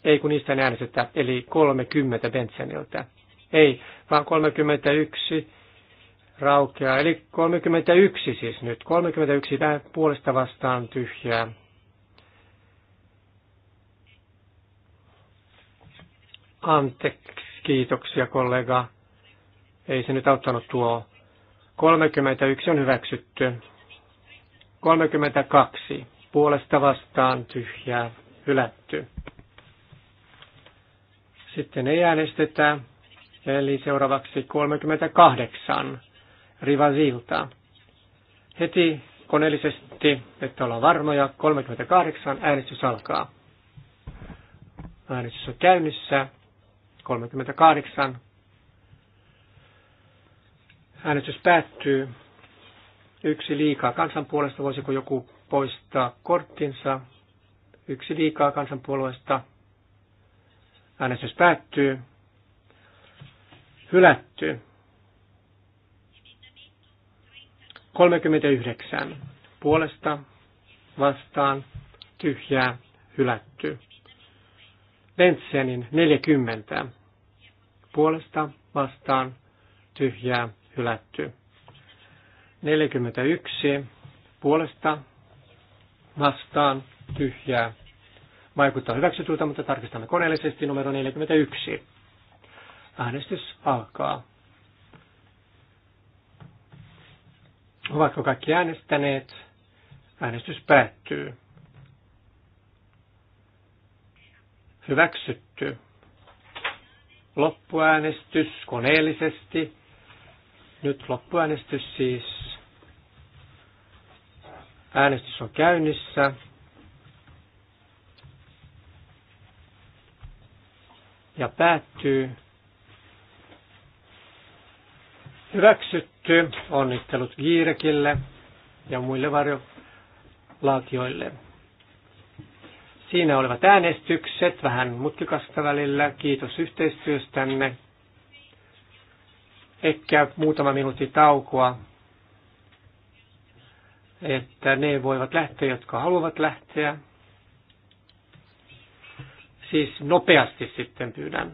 Ei kun niistä äänestetään, eli 30 Bensonilta. Ei, vaan 31 raukeaa. Eli 31 siis nyt. 31 tämä puolesta vastaan tyhjää. Anteeksi, kiitoksia kollega. Ei se nyt auttanut tuo. 31 on hyväksytty. 32. Puolesta vastaan tyhjää hylätty. Sitten ei äänestetä. Eli seuraavaksi 38. Rivasilta. Heti koneellisesti, että ollaan varmoja, 38 äänestys alkaa. Äänestys on käynnissä. 38. Äänestys päättyy. Yksi liikaa kansanpuolesta. Voisiko joku poistaa korttinsa? Yksi liikaa kansanpuolueesta. Äänestys päättyy. Hylätty. 39. Puolesta vastaan tyhjää hylätty. Lentsenin 40. Puolesta vastaan tyhjää hylätty. 41 puolesta vastaan tyhjää. Vaikuttaa hyväksytulta, mutta tarkistamme koneellisesti numero 41. Äänestys alkaa. Ovatko kaikki äänestäneet? Äänestys päättyy. Hyväksytty. Loppuäänestys koneellisesti. Nyt loppuäänestys siis Äänestys on käynnissä. Ja päättyy. Hyväksytty. Onnittelut Giirekille ja muille varjolaatioille. Siinä olivat äänestykset, vähän mutkikasta välillä. Kiitos yhteistyöstänne. Ehkä muutama minuutti taukoa että ne voivat lähteä, jotka haluavat lähteä. Siis nopeasti sitten pyydän.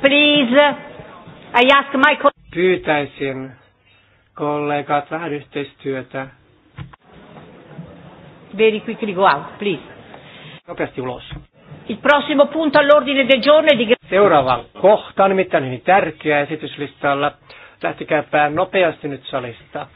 Please, I ask my Pyytäisin kollegat vähän yhteistyötä. Very quickly go out, please. Nopeasti ulos. Il prossimo punto all'ordine del giorno di... Seuraava kohta on nimittäin hyvin tärkeä esityslistalla. Lähtikääpä nopeasti nyt salista.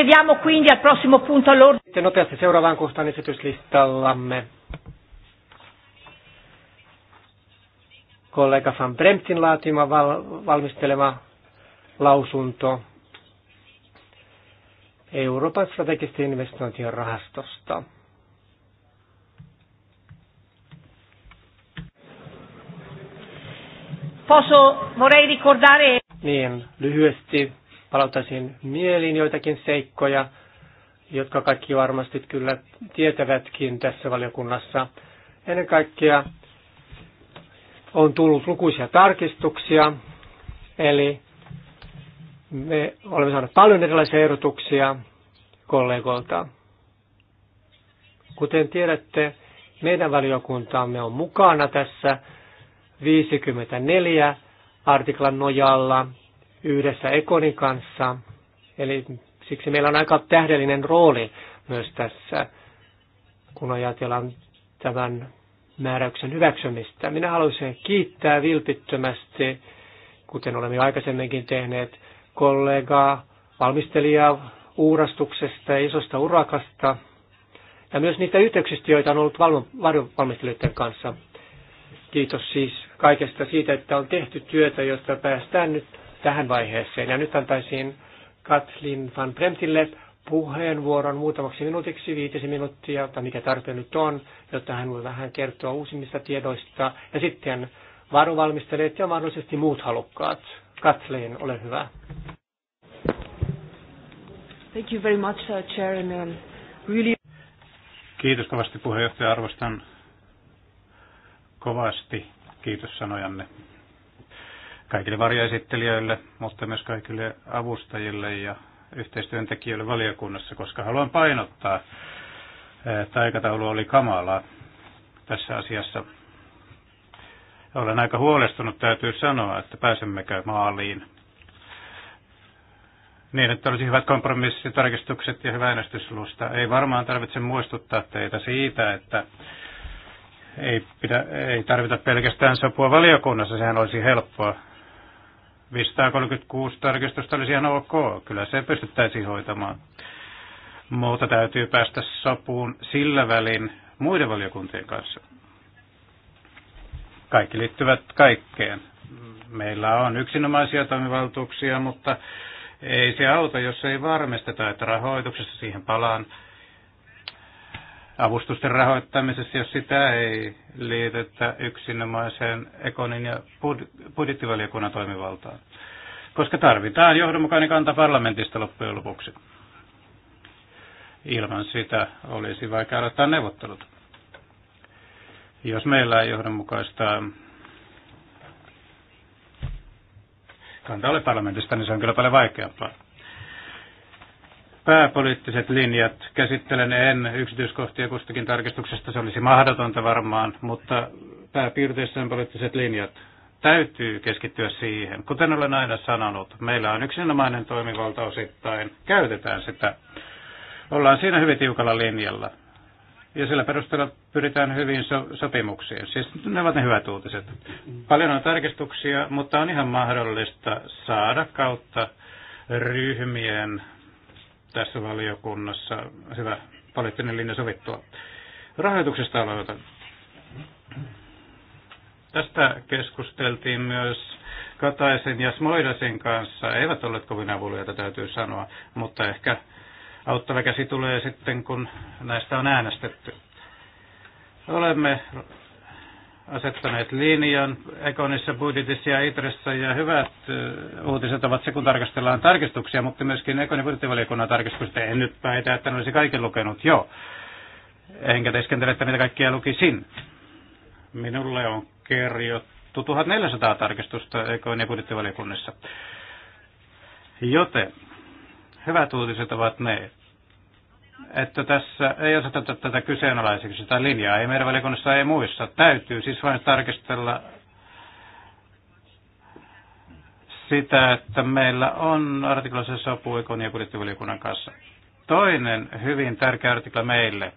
Procediamo quindi al prossimo punto all'ordine. Kollega Van Bremtin laatima val- valmistelema lausunto Euroopan strategisten investointien rahastosta. Posso, vorrei ricordare... Niin, lyhyesti palauttaisin mieliin joitakin seikkoja, jotka kaikki varmasti kyllä tietävätkin tässä valiokunnassa. Ennen kaikkea on tullut lukuisia tarkistuksia, eli me olemme saaneet paljon erilaisia ehdotuksia kollegoilta. Kuten tiedätte, meidän valiokuntaamme on mukana tässä 54 artiklan nojalla yhdessä Ekonin kanssa. Eli siksi meillä on aika tähdellinen rooli myös tässä, kun ajatellaan tämän määräyksen hyväksymistä. Minä haluaisin kiittää vilpittömästi, kuten olemme jo aikaisemminkin tehneet, kollegaa, valmistelijaa uurastuksesta ja isosta urakasta ja myös niistä yhteyksistä, joita on ollut valmistelijoiden kanssa. Kiitos siis kaikesta siitä, että on tehty työtä, josta päästään nyt tähän vaiheeseen. Ja nyt antaisin Katlin van Bremtille puheenvuoron muutamaksi minuutiksi, viitisi minuuttia, tai mikä tarpeen nyt on, jotta hän voi vähän kertoa uusimmista tiedoista. Ja sitten varovalmistelijat ja mahdollisesti muut halukkaat. Kathleen, ole hyvä. Thank you very much, uh, Chair, and, um, really... Kiitos kovasti puheenjohtaja, arvostan kovasti. Kiitos sanojanne kaikille varjoesittelijöille, mutta myös kaikille avustajille ja yhteistyöntekijöille valiokunnassa, koska haluan painottaa, että aikataulu oli kamala tässä asiassa. Olen aika huolestunut, täytyy sanoa, että pääsemmekö maaliin. Niin, että olisi hyvät kompromissitarkistukset ja hyvä äänestyslusta. Ei varmaan tarvitse muistuttaa teitä siitä, että ei, pidä, ei tarvita pelkästään sopua valiokunnassa, sehän olisi helppoa. 536 tarkistusta olisi ihan ok, kyllä se pystyttäisiin hoitamaan. Mutta täytyy päästä sopuun sillä välin muiden valiokuntien kanssa. Kaikki liittyvät kaikkeen. Meillä on yksinomaisia toimivaltuuksia, mutta ei se auta, jos ei varmisteta, että rahoituksessa siihen palaan avustusten rahoittamisessa, jos sitä ei liitetä yksinomaiseen ekonin ja bud- budjettivaliokunnan toimivaltaan. Koska tarvitaan johdonmukainen kanta parlamentista loppujen lopuksi. Ilman sitä olisi vaikea aloittaa neuvottelut. Jos meillä ei johdonmukaista kantaa ole parlamentista, niin se on kyllä paljon vaikeampaa pääpoliittiset linjat. Käsittelen en yksityiskohtia kustakin tarkistuksesta, se olisi mahdotonta varmaan, mutta pääpiirteissään poliittiset linjat täytyy keskittyä siihen. Kuten olen aina sanonut, meillä on yksinomainen toimivalta osittain, käytetään sitä. Ollaan siinä hyvin tiukalla linjalla. Ja sillä perusteella pyritään hyvin so- sopimuksiin. Siis ne ovat ne hyvät uutiset. Paljon on tarkistuksia, mutta on ihan mahdollista saada kautta ryhmien tässä valiokunnassa hyvä poliittinen linja sovittua. Rahoituksesta aloitan. Tästä keskusteltiin myös Kataisen ja Smoidasin kanssa. Eivät olleet kovin avulijoita, täytyy sanoa, mutta ehkä auttava käsi tulee sitten, kun näistä on äänestetty. Olemme asettaneet linjan Ekonissa, budjetissa ja Itressä, ja hyvät uutiset ovat se, kun tarkastellaan tarkistuksia, mutta myöskin Ekonin budjettivaliokunnan tarkistusta. En nyt päätä, että ne olisi kaikki lukenut jo. Enkä teskentele, että niitä kaikkia lukisin. Minulle on kerjottu 1400 tarkistusta Ekonin budjettivaliokunnassa. Joten hyvät uutiset ovat ne, että tässä ei osata tätä kyseenalaiseksi sitä linjaa, ei meidän valiokunnassa ei muissa. Täytyy siis vain tarkistella sitä, että meillä on artiklassa sopu ikon ja budjettivaliokunnan kanssa. Toinen hyvin tärkeä artikla meille,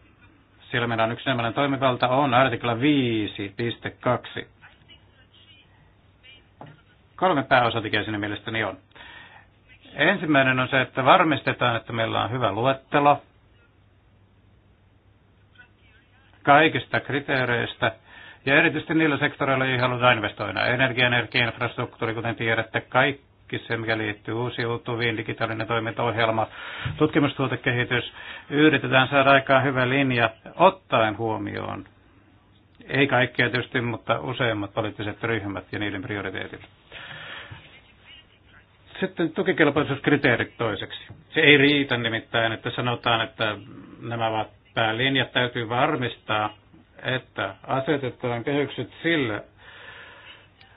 siellä meillä on yksi enemmän toimivalta, on artikla 5.2. Kolme pääosatekijää sinne mielestäni on. Ensimmäinen on se, että varmistetaan, että meillä on hyvä luettelo kaikista kriteereistä. Ja erityisesti niillä sektoreilla, joihin halutaan investoida. Energia, energia, infrastruktuuri, kuten tiedätte, kaikki se, mikä liittyy uusiutuviin, digitaalinen toimintaohjelma, tutkimustuotekehitys. Yritetään saada aikaan hyvä linja ottaen huomioon. Ei kaikkea tietysti, mutta useimmat poliittiset ryhmät ja niiden prioriteetit. Sitten tukikelpoisuuskriteerit toiseksi. Se ei riitä nimittäin, että sanotaan, että nämä ovat päälinjat täytyy varmistaa, että asetetaan kehykset sille,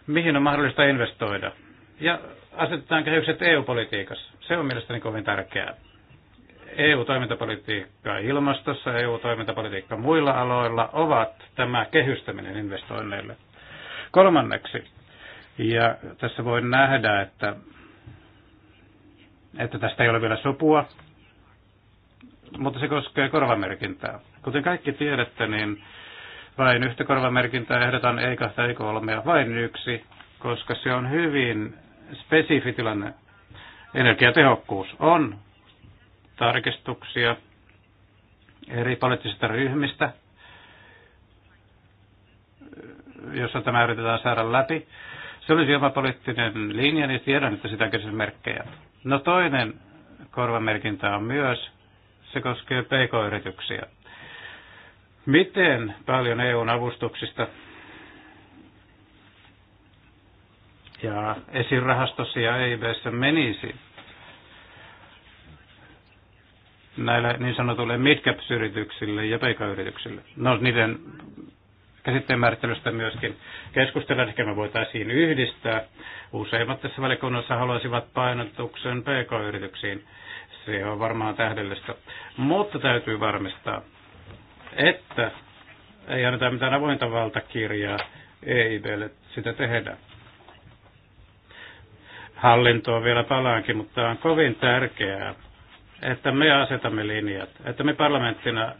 mihin on mahdollista investoida. Ja asetetaan kehykset EU-politiikassa. Se on mielestäni kovin tärkeää. EU-toimintapolitiikka ilmastossa, EU-toimintapolitiikka muilla aloilla ovat tämä kehystäminen investoinneille. Kolmanneksi, ja tässä voi nähdä, että, että tästä ei ole vielä sopua, mutta se koskee korvamerkintää. Kuten kaikki tiedätte, niin vain yhtä korvamerkintää ehdotan, ei kahta, ei kolmea, vain yksi, koska se on hyvin spesifi tilanne. Energiatehokkuus on tarkistuksia eri poliittisista ryhmistä, jossa tämä yritetään saada läpi. Se olisi oma poliittinen linja, niin tiedän, että sitä on merkkejä. No toinen korvamerkintä on myös se koskee pk-yrityksiä. Miten paljon EUn avustuksista ja esirahastossa ja EIBssä menisi näille niin sanotulle midcaps-yrityksille ja pk-yrityksille? No niiden käsitteen määrittelystä myöskin keskustella, ehkä me voitaisiin yhdistää. Useimmat tässä valikunnassa haluaisivat painotuksen pk-yrityksiin se ole varmaan tähdellistä. Mutta täytyy varmistaa, että ei anneta mitään avointa valtakirjaa EIBlle sitä tehdä. hallintoa vielä palaankin, mutta on kovin tärkeää, että me asetamme linjat, että me parlamenttina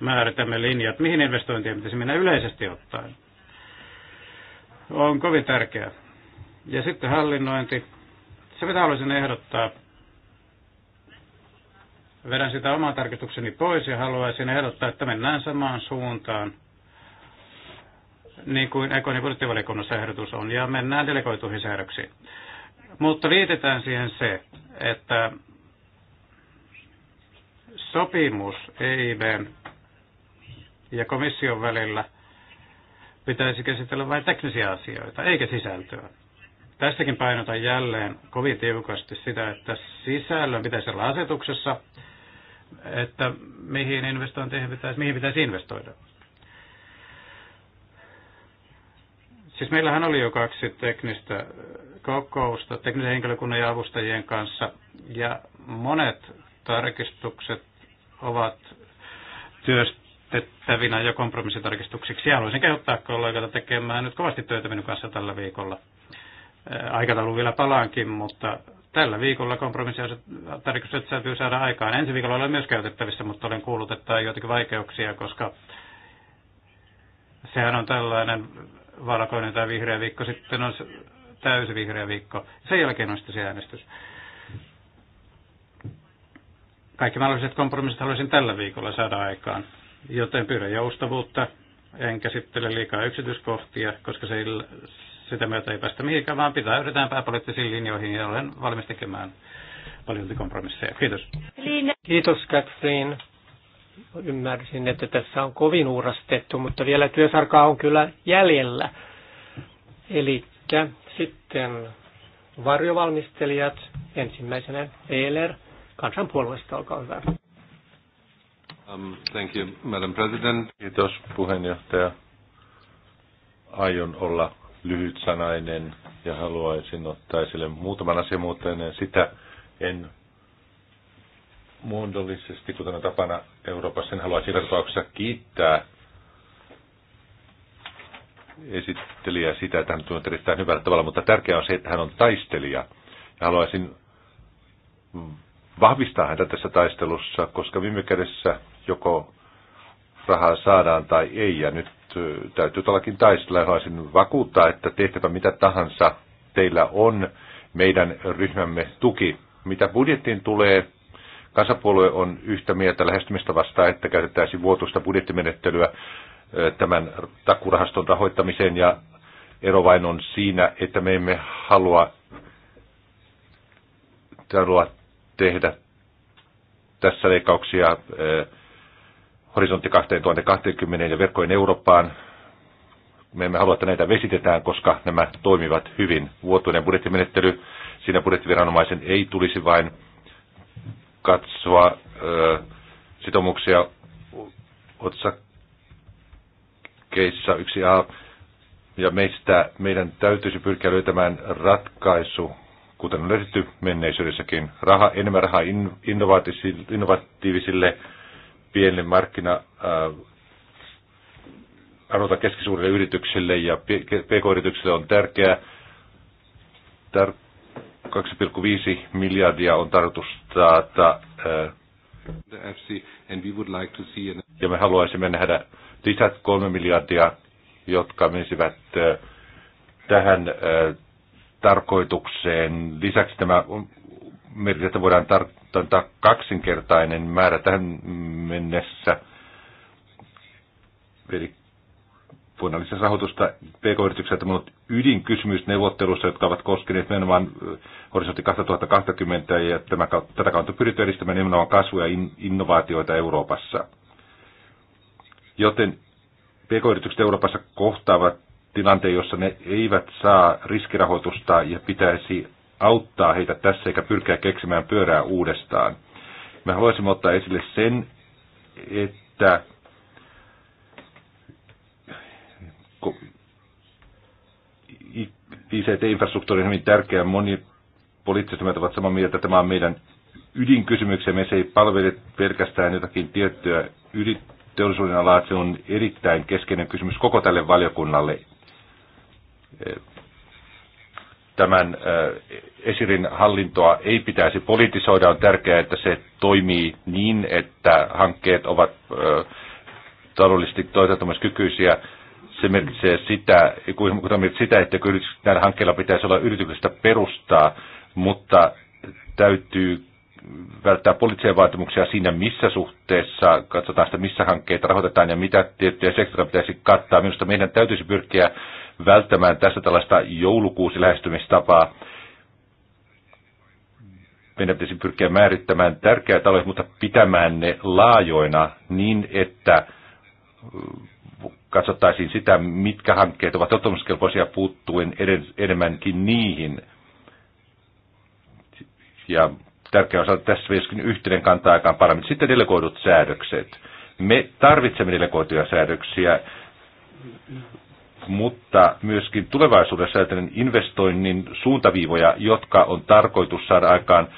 määritämme linjat, mihin investointiin pitäisi mennä yleisesti ottaen. On kovin tärkeää. Ja sitten hallinnointi. Se mitä haluaisin ehdottaa vedän sitä omaa tarkistukseni pois ja haluaisin ehdottaa, että mennään samaan suuntaan niin kuin Ekoni budjettivalikunnassa ehdotus on, ja mennään delegoituihin säädöksiin. Mutta liitetään siihen se, että sopimus EIBn ja komission välillä pitäisi käsitellä vain teknisiä asioita, eikä sisältöä. Tässäkin painotan jälleen kovin tiukasti sitä, että sisällön pitäisi olla asetuksessa, että mihin investointeihin pitäisi, mihin pitäisi investoida. Siis meillähän oli jo kaksi teknistä kokousta teknisen henkilökunnan ja avustajien kanssa, ja monet tarkistukset ovat työstettävinä jo kompromissitarkistuksiksi. Ja haluaisin kehottaa kollegoita tekemään nyt kovasti töitä minun kanssa tällä viikolla. Aikataulu vielä palaankin, mutta Tällä viikolla kompromissitarkistukset täytyy saada aikaan. Ensi viikolla olen myös käytettävissä, mutta olen kuullut, että on joitakin vaikeuksia, koska sehän on tällainen valkoinen tai vihreä viikko, sitten on täysi vihreä viikko. Sen jälkeen on sitten se äänestys. Kaikki mahdolliset kompromissit haluaisin tällä viikolla saada aikaan, joten pyydän joustavuutta en käsittele liikaa yksityiskohtia, koska se sitä myötä ei päästä mihinkään, vaan pitää yritetään pääpoliittisiin linjoihin ja olen valmis tekemään paljon kompromisseja. Kiitos. Kiitos Catherine. Ymmärsin, että tässä on kovin uurastettu, mutta vielä työsarkaa on kyllä jäljellä. Eli sitten varjovalmistelijat, ensimmäisenä Eeler, kansanpuolueesta, olkaa hyvä. Um, thank you, Madam President. Kiitos puheenjohtaja. Aion olla lyhytsanainen ja haluaisin ottaa esille muutaman asian, mutta ennen sitä en muodollisesti, kuten on tapana Euroopassa, en haluaisin tapauksessa kiittää esittelijä sitä, että hän tuntuu erittäin hyvällä tavalla, mutta tärkeää on se, että hän on taistelija. Ja haluaisin vahvistaa häntä tässä taistelussa, koska viime kädessä joko rahaa saadaan tai ei, ja nyt täytyy todellakin taistella. Haluaisin vakuuttaa, että tehtävä mitä tahansa teillä on meidän ryhmämme tuki. Mitä budjettiin tulee, kansapuolue on yhtä mieltä lähestymistä vastaan, että käytettäisiin vuotuista budjettimenettelyä tämän takurahaston rahoittamiseen ja ero vain on siinä, että me emme halua, halua tehdä tässä leikkauksia horisontti 2020 ja verkkojen Eurooppaan. Me emme halua, että näitä vesitetään, koska nämä toimivat hyvin. Vuotuinen budjettimenettely, siinä budjettiviranomaisen ei tulisi vain katsoa ö, sitoumuksia otsakkeissa 1a, ja meistä, meidän täytyisi pyrkiä löytämään ratkaisu, kuten on löydetty menneisyydessäkin, raha, enemmän rahaa innovatiivisille pienille markkina äh, arvota keskisuurille yrityksille ja pk-yrityksille on tärkeää. 2,5 miljardia on tarkoitus taata. Äh, ja me haluaisimme nähdä lisät 3 miljardia, jotka menisivät äh, tähän tarkoitukseen. Lisäksi tämä merkitä, että voidaan tarkoittaa kaksinkertainen määrä tähän mennessä. Eli vuonna lisärahoitusta PK-yritykseltä, on ydinkysymys neuvottelussa, jotka ovat koskeneet nimenomaan horisontti 2020 ja tämä, tätä kautta pyritty edistämään nimenomaan kasvua ja in, innovaatioita Euroopassa. Joten PK-yritykset Euroopassa kohtaavat tilanteen, jossa ne eivät saa riskirahoitusta ja pitäisi auttaa heitä tässä eikä pyrkää keksimään pyörää uudestaan. Me haluaisimme ottaa esille sen, että ICT-infrastruktuuri on hyvin tärkeä. Moni poliittiset ovat samaa mieltä, että tämä on meidän ydinkysymyksemme. Se ei palvele pelkästään jotakin tiettyä teollisuuden alaa. Se on erittäin keskeinen kysymys koko tälle valiokunnalle tämän Esirin hallintoa ei pitäisi politisoida. On tärkeää, että se toimii niin, että hankkeet ovat taloudellisesti toteutumiskykyisiä. Se merkitsee sitä, sitä että näillä hankkeilla pitäisi olla yrityksestä perustaa, mutta täytyy välttää poliittisia vaatimuksia siinä, missä suhteessa katsotaan sitä, missä hankkeita rahoitetaan ja mitä tiettyjä sektoreita pitäisi kattaa. Minusta meidän täytyisi pyrkiä välttämään tässä tällaista joulukuusi lähestymistapaa. Meidän pitäisi pyrkiä määrittämään tärkeät alueet, mutta pitämään ne laajoina niin, että äh, katsottaisiin sitä, mitkä hankkeet ovat ottamuskelpoisia puuttuen enemmänkin niihin. Ja tärkeää on saada tässä myöskin yhteinen kantaa aikaan paremmin. Sitten delegoidut säädökset. Me tarvitsemme delegoituja säädöksiä, mutta myöskin tulevaisuudessa ajatellen investoinnin suuntaviivoja, jotka on tarkoitus saada aikaan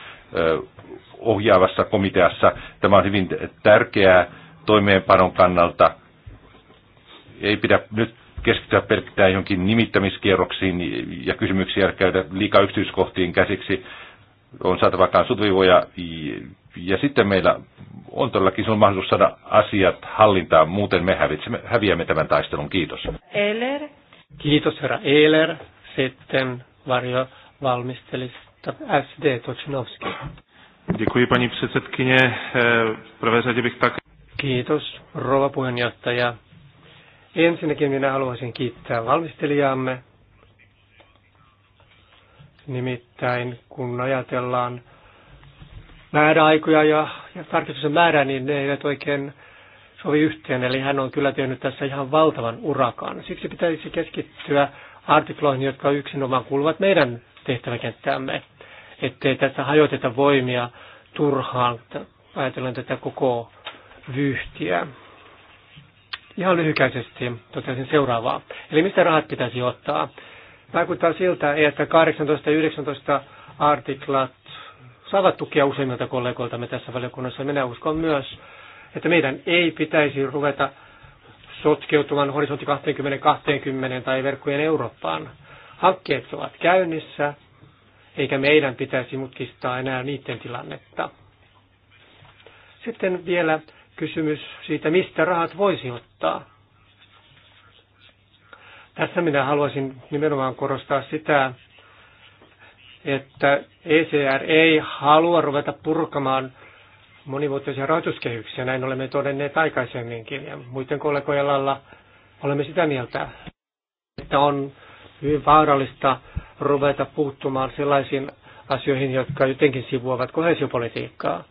ohjaavassa komiteassa. Tämä on hyvin tärkeää toimeenpanon kannalta. Ei pidä nyt keskittyä pelkkään johonkin nimittämiskierroksiin ja kysymyksiä käydä liikaa yksityiskohtiin käsiksi on aikaan sutvivoja, ja sitten meillä on todellakin sun mahdollisuus saada asiat hallintaan, muuten me hävitsemme, häviämme tämän taistelun. Kiitos. Eler. Kiitos herra Eler, Sitten varjo valmistelista SD Tochinovski. Děkuji paní předsedkyně. Eh, v prvé řadě bych tak... Kiitos rouva puheenjohtaja. Ensinnäkin minä haluaisin kiittää valmistelijaamme Nimittäin kun ajatellaan määräaikoja ja, ja tarkistuksen määrää, niin ne eivät oikein sovi yhteen. Eli hän on kyllä tehnyt tässä ihan valtavan urakan. Siksi pitäisi keskittyä artikloihin, jotka yksinomaan kuuluvat meidän tehtäväkenttämme, ettei tässä hajoteta voimia turhaan ajatellen tätä koko vyhtiä. Ihan lyhykäisesti totesin seuraavaa. Eli mistä rahat pitäisi ottaa? Vaikuttaa siltä, että 18 ja 19 artiklat saavat tukia useimmilta kollegoiltamme tässä valiokunnassa. Minä uskon myös, että meidän ei pitäisi ruveta sotkeutumaan horisontti 2020 tai verkkojen Eurooppaan. Hankkeet ovat käynnissä, eikä meidän pitäisi mutkistaa enää niiden tilannetta. Sitten vielä kysymys siitä, mistä rahat voisi ottaa. Tässä minä haluaisin nimenomaan korostaa sitä, että ECR ei halua ruveta purkamaan monivuotisia rahoituskehyksiä. Näin olemme todenneet aikaisemminkin ja muiden kollegojen lailla olemme sitä mieltä, että on hyvin vaarallista ruveta puuttumaan sellaisiin asioihin, jotka jotenkin sivuavat kohesiopolitiikkaa.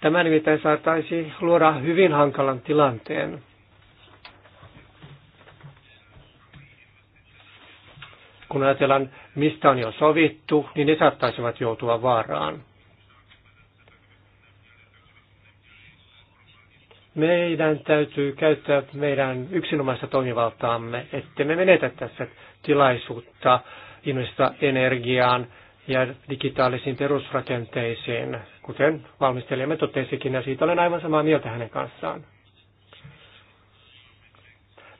Tämä nimittäin saataisi luoda hyvin hankalan tilanteen kun ajatellaan, mistä on jo sovittu, niin ne saattaisivat joutua vaaraan. Meidän täytyy käyttää meidän yksinomaista toimivaltaamme, että me menetä tässä tilaisuutta investoida energiaan ja digitaalisiin perusrakenteisiin, kuten valmistelijamme totesikin, ja siitä olen aivan samaa mieltä hänen kanssaan.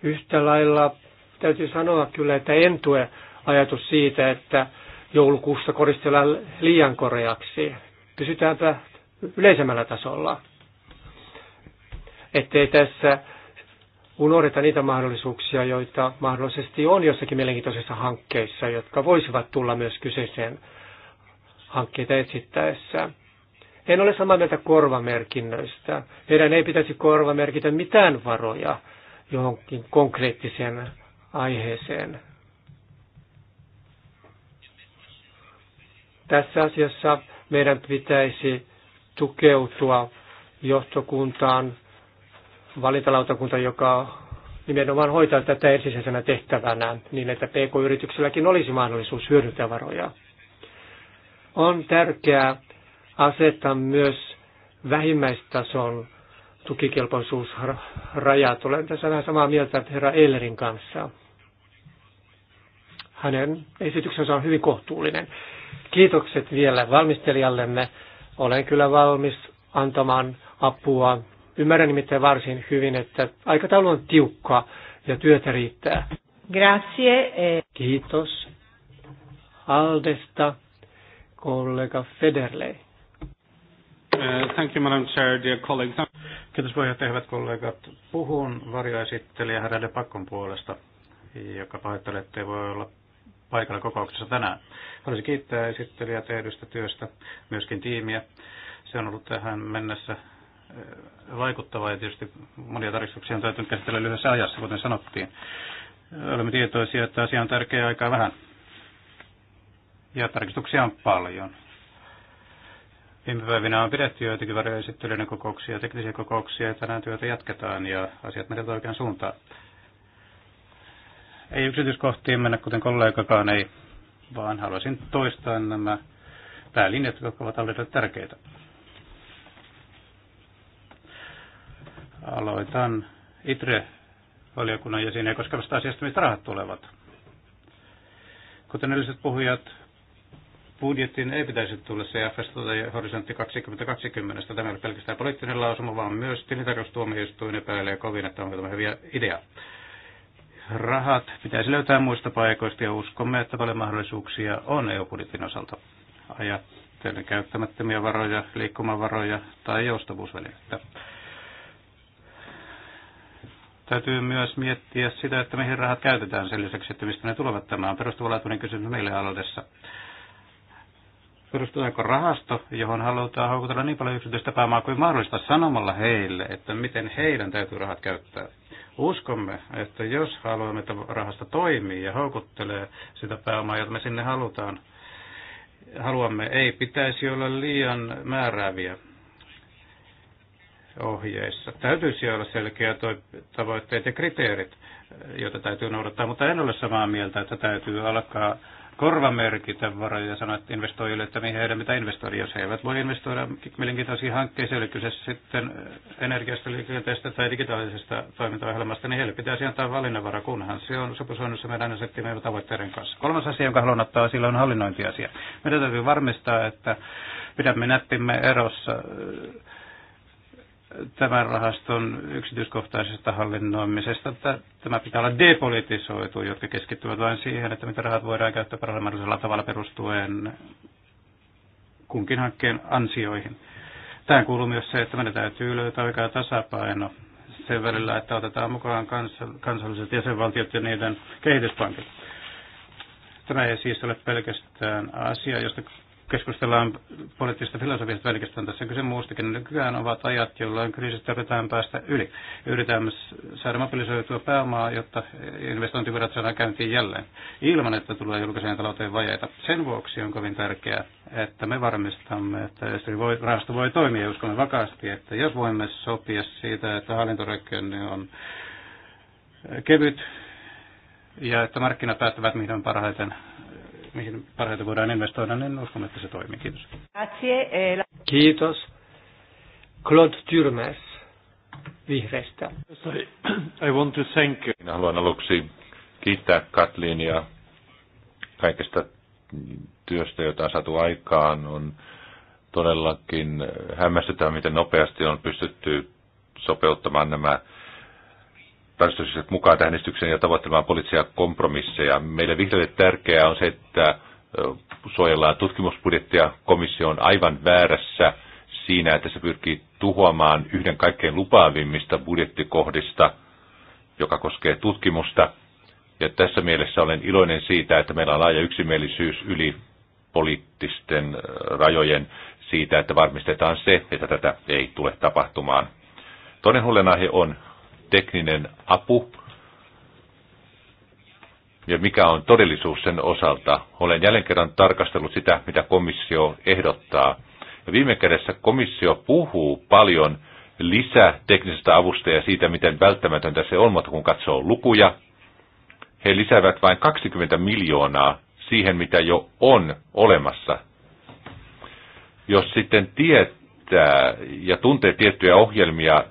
Yhtä lailla täytyy sanoa kyllä, että en tue ajatus siitä, että joulukuussa koristellaan liian koreaksi. Pysytäänpä yleisemmällä tasolla, ettei tässä unohdeta niitä mahdollisuuksia, joita mahdollisesti on jossakin mielenkiintoisissa hankkeissa, jotka voisivat tulla myös kyseiseen hankkeita etsittäessä. En ole samaa mieltä korvamerkinnöistä. Meidän ei pitäisi korvamerkitä mitään varoja johonkin konkreettiseen aiheeseen. Tässä asiassa meidän pitäisi tukeutua johtokuntaan, valintalautakunta, joka nimenomaan hoitaa tätä ensisijaisena tehtävänä, niin että pk yritykselläkin olisi mahdollisuus hyödyntää varoja. On tärkeää asettaa myös vähimmäistason tukikelpoisuusrajat. Olen tässä vähän samaa mieltä herra Ellerin kanssa. Hänen esityksensä on hyvin kohtuullinen. Kiitokset vielä valmistelijallemme. Olen kyllä valmis antamaan apua. Ymmärrän nimittäin varsin hyvin, että aikataulu on tiukka ja työtä riittää. Grazie. Eh. Kiitos. Aldesta kollega Federley. Eh, thank you, Madam Chair, dear colleagues. Kiitos puheenjohtaja, hyvät kollegat. Puhun varjoesittelijä Härälle Pakkon puolesta, joka pahoittelee, ei voi olla paikalla kokouksessa tänään. Haluaisin kiittää esittelijä tehdystä työstä, myöskin tiimiä. Se on ollut tähän mennessä eh, vaikuttavaa ja tietysti monia tarkistuksia on täytynyt käsitellä lyhyessä ajassa, kuten sanottiin. Olemme tietoisia, että asia on tärkeä aikaa vähän. Ja tarkistuksia on paljon. Viime päivinä on pidetty joitakin esittelyiden kokouksia, teknisiä kokouksia ja tänään työtä jatketaan ja asiat menevät oikean suuntaan. Ei yksityiskohtiin mennä, kuten kollegakaan ei, vaan haluaisin toistaa nämä päälinjat, jotka ovat alueelle tärkeitä. Aloitan itre valiokunnan jäseniä koskevasta asiasta, mistä rahat tulevat. Kuten edelliset puhujat, budjettiin ei pitäisi tulla CFS tai horisontti 2020. Tämä ei ole pelkästään poliittinen lausuma, vaan myös tilintarkastuomioistuin epäilee kovin, että onko tämä hyviä idea rahat pitäisi löytää muista paikoista ja uskomme, että paljon mahdollisuuksia on EU-budjetin osalta. Ajattelen käyttämättömiä varoja, liikkumavaroja tai joustavuusvälinettä. Täytyy myös miettiä sitä, että mihin rahat käytetään sen lisäksi, että mistä ne tulevat. Tämä on perustuvalaatuinen kysymys meille aloitessa. Perustetaanko rahasto, johon halutaan houkutella niin paljon yksityistä pääomaa kuin mahdollista sanomalla heille, että miten heidän täytyy rahat käyttää? Uskomme, että jos haluamme, että rahasta toimii ja houkuttelee sitä pääomaa, jota me sinne halutaan, haluamme, ei pitäisi olla liian määrääviä ohjeissa. Täytyisi olla selkeä tavoitteet ja kriteerit, joita täytyy noudattaa, mutta en ole samaa mieltä, että täytyy alkaa korvamerkitä varoja ja sanoa että investoijille, että mihin heidän mitä investoida. Jos he eivät voi investoida mielenkiintoisiin hankkeisiin, eli kyseessä sitten eh, energiasta, liikenteestä tai digitaalisesta toimintaohjelmasta, niin heille pitäisi antaa valinnanvara, kunhan se on sopusoinnussa meidän asettimien tavoitteiden kanssa. Kolmas asia, jonka haluan ottaa sillä on hallinnointiasia. Meidän täytyy varmistaa, että pidämme näppimme erossa eh, tämän rahaston yksityiskohtaisesta hallinnoimisesta. Tämä pitää olla depolitisoitu, jotka keskittyvät vain siihen, että mitä rahat voidaan käyttää parhaimmallisella tavalla perustuen kunkin hankkeen ansioihin. Tähän kuuluu myös se, että meidän täytyy löytää oikea tasapaino sen välillä, että otetaan mukaan kansalliset jäsenvaltiot ja niiden kehityspankit. Tämä ei siis ole pelkästään asia, josta keskustellaan poliittisesta filosofiasta välikästä Tässä kyse muustakin. Nykyään ovat ajat, jolloin kriisistä yritetään päästä yli. Yritetään saada mobilisoitua pääomaa, jotta investointivirat saadaan käyntiin jälleen, ilman että tulee julkiseen talouteen vajeita. Sen vuoksi on kovin tärkeää, että me varmistamme, että voi, rahasto voi toimia ja uskomme vakaasti, että jos voimme sopia siitä, että hallintorakenne on kevyt ja että markkinat päättävät, mihin on parhaiten mihin parhaiten voidaan investoida, niin uskon, että se toimii. Kiitos. Eh, Kiitos. Claude Tyrmes, vihreistä. I want to thank you. Minä haluan aluksi kiittää Katliinia kaikesta työstä, jota on saatu aikaan. On todellakin hämmästytään, miten nopeasti on pystytty sopeuttamaan nämä päästöiset mukaan äänestykseen ja tavoittelemaan poliittisia kompromisseja. Meille vihreille tärkeää on se, että suojellaan tutkimusbudjettia. Komissio on aivan väärässä siinä, että se pyrkii tuhoamaan yhden kaikkein lupaavimmista budjettikohdista, joka koskee tutkimusta. Ja tässä mielessä olen iloinen siitä, että meillä on laaja yksimielisyys yli poliittisten rajojen siitä, että varmistetaan se, että tätä ei tule tapahtumaan. Toinen huolenaihe on tekninen apu ja mikä on todellisuus sen osalta. Olen jälleen kerran tarkastellut sitä, mitä komissio ehdottaa. Ja viime kädessä komissio puhuu paljon lisäteknisestä avusta ja siitä, miten välttämätöntä se on, mutta kun katsoo lukuja, he lisäävät vain 20 miljoonaa siihen, mitä jo on olemassa. Jos sitten tietää ja tuntee tiettyjä ohjelmia,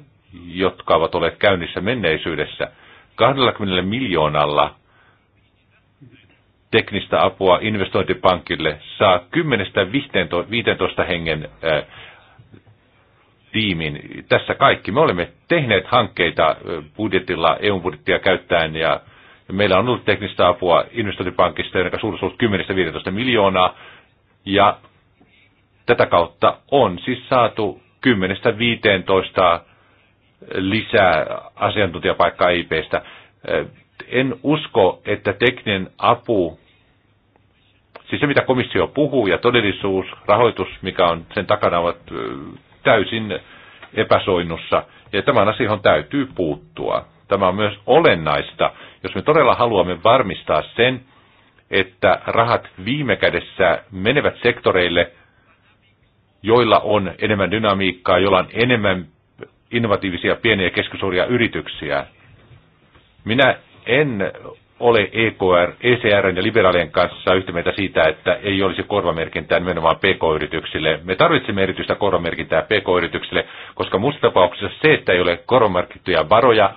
jotka ovat olleet käynnissä menneisyydessä. 20 miljoonalla teknistä apua investointipankille saa 10-15 hengen tiimin. Tässä kaikki. Me olemme tehneet hankkeita budjetilla, EU-budjettia käyttäen ja meillä on ollut teknistä apua investointipankista, jonka suuruus on 10-15 miljoonaa. Ja tätä kautta on siis saatu 10-15 lisää asiantuntijapaikkaa IPstä. En usko, että tekninen apu, siis se mitä komissio puhuu ja todellisuus, rahoitus, mikä on sen takana, ovat täysin epäsoinnussa. Ja tämän asian täytyy puuttua. Tämä on myös olennaista, jos me todella haluamme varmistaa sen, että rahat viime kädessä menevät sektoreille, joilla on enemmän dynamiikkaa, joilla on enemmän innovatiivisia pieniä ja keskisuuria yrityksiä. Minä en ole EKR, ECR ja liberaalien kanssa yhtä mieltä siitä, että ei olisi korvamerkintää nimenomaan PK-yrityksille. Me tarvitsemme erityistä korvamerkintää PK-yrityksille, koska muussa tapauksessa se, että ei ole korvamerkittyjä varoja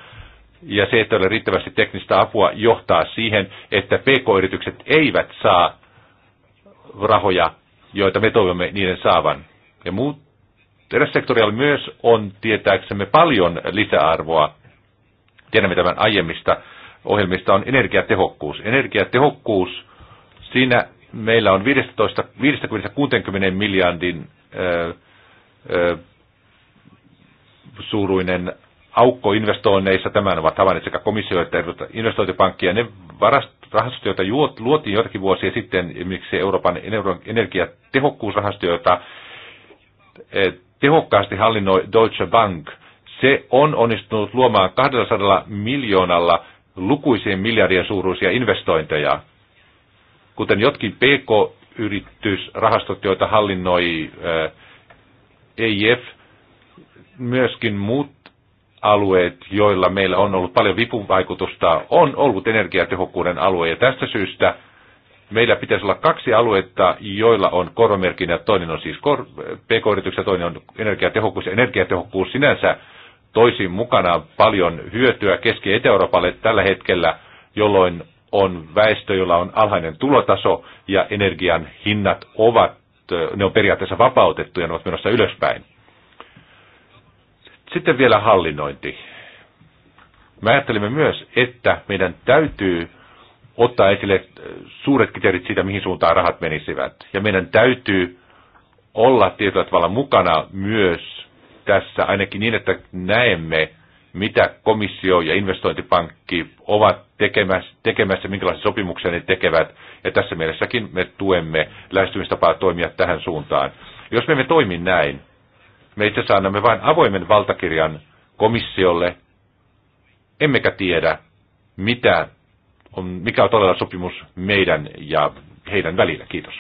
ja se, että ei ole riittävästi teknistä apua, johtaa siihen, että PK-yritykset eivät saa rahoja, joita me toivomme niiden saavan. Ja muut Terässektorilla myös on tietääksemme paljon lisäarvoa. Tiedämme tämän aiemmista ohjelmista on energiatehokkuus. Energiatehokkuus, siinä meillä on 15 60 miljardin ö, ö, suuruinen aukko investoinneissa. Tämän ovat havainneet sekä komissio että investointipankki. Ja ne rahastot, joita luotiin joitakin vuosia sitten, miksi Euroopan energiatehokkuusrahastoita, tehokkaasti hallinnoi Deutsche Bank. Se on onnistunut luomaan 200 miljoonalla lukuisien miljardien suuruisia investointeja. Kuten jotkin PK-yritysrahastot, joita hallinnoi EIF, eh, e myöskin muut alueet, joilla meillä on ollut paljon vipuvaikutusta, on ollut energiatehokkuuden alue. Ja tästä syystä meillä pitäisi olla kaksi aluetta, joilla on korvamerkinnä. Toinen on siis kor- pk ja toinen on energiatehokkuus. Energiatehokkuus sinänsä toisin mukana paljon hyötyä Keski- euroopalle tällä hetkellä, jolloin on väestö, jolla on alhainen tulotaso ja energian hinnat ovat, ne on periaatteessa vapautettu ja ne ovat menossa ylöspäin. Sitten vielä hallinnointi. Mä ajattelimme myös, että meidän täytyy ottaa esille äh, suuret kriteerit siitä, mihin suuntaan rahat menisivät. Ja meidän täytyy olla tietyllä tavalla mukana myös tässä, ainakin niin, että näemme, mitä komissio ja investointipankki ovat tekemässä, tekemässä minkälaisia sopimuksia ne tekevät. Ja tässä mielessäkin me tuemme lähestymistapaa toimia tähän suuntaan. Jos me emme toimi näin, me itse asiassa annamme vain avoimen valtakirjan komissiolle, emmekä tiedä, mitä on, mikä on todella sopimus meidän ja heidän välillä. Kiitos.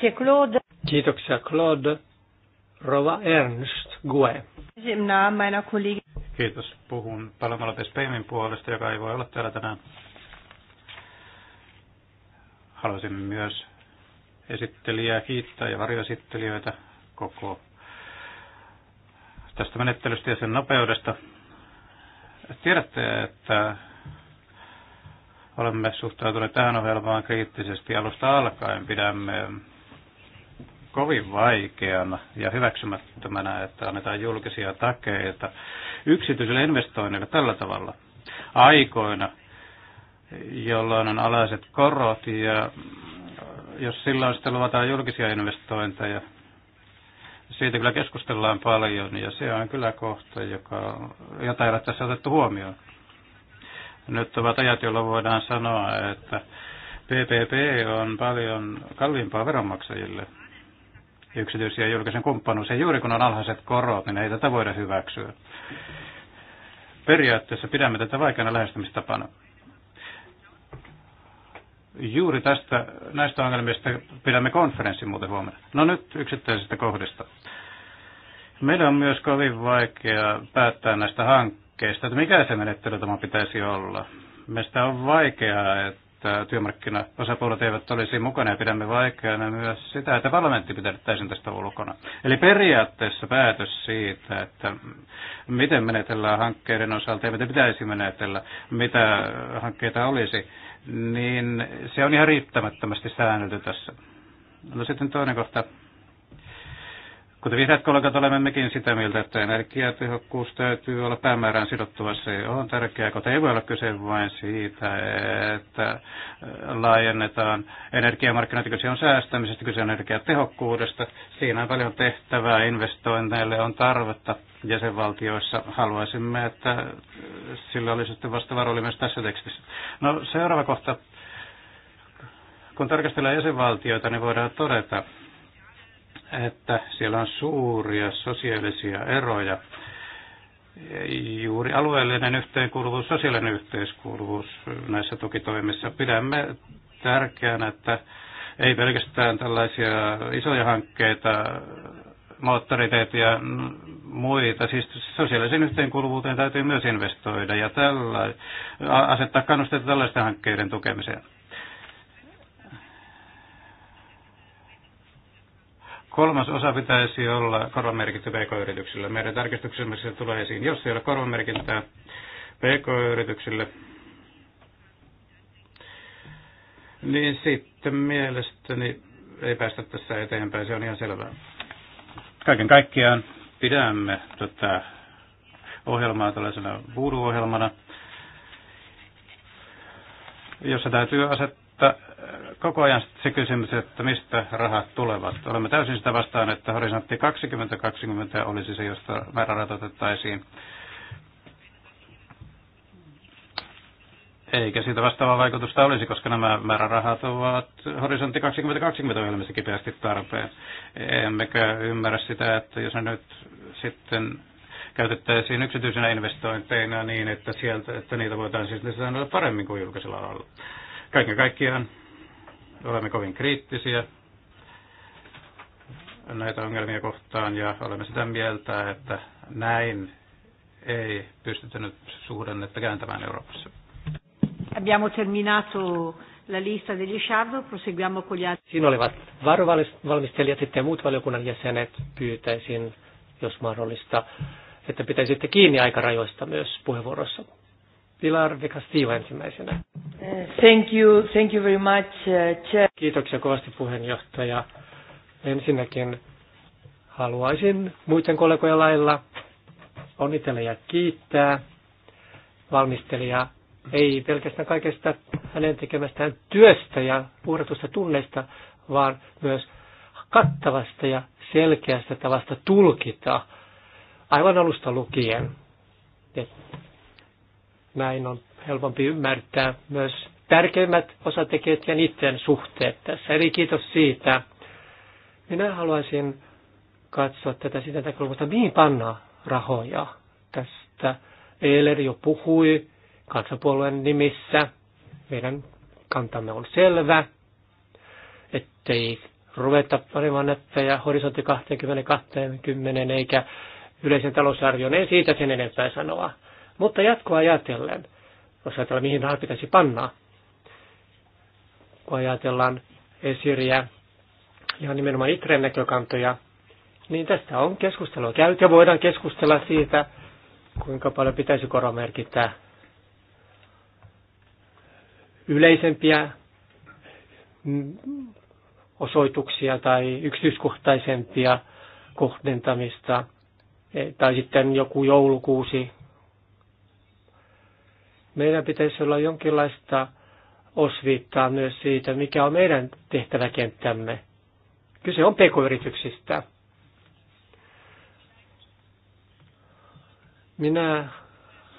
Kiitoksia Claude. Kiitoksia Claude. Rova Ernst Gue. Kiitos. Puhun Palomalo Pespeimin puolesta, joka ei voi olla täällä tänään. Haluaisin myös esittelijää kiittää ja varjoesittelijöitä koko tästä menettelystä ja sen nopeudesta. Tiedätte, että Olemme suhtautuneet tähän ohjelmaan kriittisesti alusta alkaen. Pidämme kovin vaikeana ja hyväksymättömänä, että annetaan julkisia takeita yksityisille investoinneille tällä tavalla aikoina, jolloin on alaiset korot ja jos silloin sitten luvataan julkisia investointeja, siitä kyllä keskustellaan paljon ja se on kyllä kohta, joka, jota ei ole tässä otettu huomioon. Nyt ovat ajat, joilla voidaan sanoa, että PPP on paljon kalliimpaa veronmaksajille. Yksityisiä ja julkisen kumppanuus. Ja juuri kun on alhaiset korot, niin ei tätä voida hyväksyä. Periaatteessa pidämme tätä vaikeana lähestymistapana. Juuri tästä, näistä ongelmista pidämme konferenssin muuten huomenna. No nyt yksittäisistä kohdista. Meidän on myös kovin vaikea päättää näistä hankkeista hankkeista, että mikä se tämä pitäisi olla. Meistä on vaikeaa, että työmarkkinaosapuolet eivät olisi mukana ja pidämme vaikeana myös sitä, että parlamentti pidettäisiin tästä ulkona. Eli periaatteessa päätös siitä, että miten menetellään hankkeiden osalta ja miten pitäisi menetellä, mitä hankkeita olisi, niin se on ihan riittämättömästi säännelty tässä. No sitten toinen kohta Kuten vihreät kollegat olemme mekin sitä mieltä, että energiatehokkuus täytyy olla päämäärään sidottua. Se on tärkeää, kun ei voi olla kyse vain siitä, että äh, laajennetaan energiamarkkinoita. Kyse on säästämisestä, kyse on energiatehokkuudesta. Siinä on paljon tehtävää, investointeille on tarvetta jäsenvaltioissa. Haluaisimme, että äh, sillä olisi sitten vastaava rooli myös tässä tekstissä. No seuraava kohta. Kun tarkastellaan jäsenvaltioita, niin voidaan todeta, että siellä on suuria sosiaalisia eroja. Juuri alueellinen yhteenkuuluvuus, sosiaalinen yhteiskuuluvuus näissä tukitoimissa. Pidämme tärkeänä, että ei pelkästään tällaisia isoja hankkeita, moottoriteet ja muita. Siis sosiaalisen yhteenkuuluvuuteen täytyy myös investoida ja tällä, asettaa kannusteita tällaisten hankkeiden tukemiseen. Kolmas osa pitäisi olla korvamerkitty pk-yrityksille. Meidän tarkistuksemme se tulee esiin, jos ei ole korvamerkintää pk-yrityksille, niin sitten mielestäni ei päästä tässä eteenpäin, se on ihan selvää. Kaiken kaikkiaan pidämme tätä ohjelmaa tällaisena voodoo-ohjelmana, jossa täytyy asettaa koko ajan se kysymys, että mistä rahat tulevat. Olemme täysin sitä vastaan, että horisontti 2020 olisi se, josta määrärahat otettaisiin. Eikä siitä vastaavaa vaikutusta olisi, koska nämä määrärahat ovat horisontti 2020 ohjelmissa kipeästi tarpeen. Emmekä ymmärrä sitä, että jos ne nyt sitten käytettäisiin yksityisenä investointeina niin, että, sieltä, että niitä voitaisiin siis sanoa paremmin kuin julkisella alalla. Kaiken kaikkiaan olemme kovin kriittisiä näitä ongelmia kohtaan ja olemme sitä mieltä, että näin ei pystytä nyt suhdannetta kääntämään Euroopassa. Abbiamo terminato la lista degli shadow, proseguiamo con gli altri. Siinä olivat varovalmistelijat, sitten muut valiokunnan jäsenet pyytäisin, jos mahdollista, että pitäisitte kiinni aikarajoista myös puheenvuorossa. Pilar de ensimmäisenä. Thank you, thank you very much, uh, Chair. Kiitoksia kovasti puheenjohtaja. Ensinnäkin haluaisin muiden kollegojen lailla onnitella ja kiittää valmistelijaa, ei pelkästään kaikesta hänen tekemästään työstä ja puhdatusta tunneista, vaan myös kattavasta ja selkeästä tavasta tulkita aivan alusta lukien. Et näin on helpompi ymmärtää myös tärkeimmät osatekijät ja niiden suhteet tässä. Eli kiitos siitä. Minä haluaisin katsoa tätä sitä näkökulmasta, mihin panna rahoja tästä. Eiler jo puhui kansanpuolueen nimissä. Meidän kantamme on selvä, ettei ruveta panemaan näppejä horisontti 2020 eikä yleisen talousarvion. En siitä sen enempää sanoa. Mutta jatkoa ajatellen, jos ajatellaan mihin rahat pitäisi panna. Kun ajatellaan esiriä ja nimenomaan itren näkökantoja, niin tästä on keskustelua käyty ja voidaan keskustella siitä, kuinka paljon pitäisi koromerkittää yleisempiä osoituksia tai yksityiskohtaisempia kohdentamista. Eh, tai sitten joku joulukuusi meidän pitäisi olla jonkinlaista osviittaa myös siitä, mikä on meidän tehtäväkenttämme. Kyse on pk-yrityksistä. Minä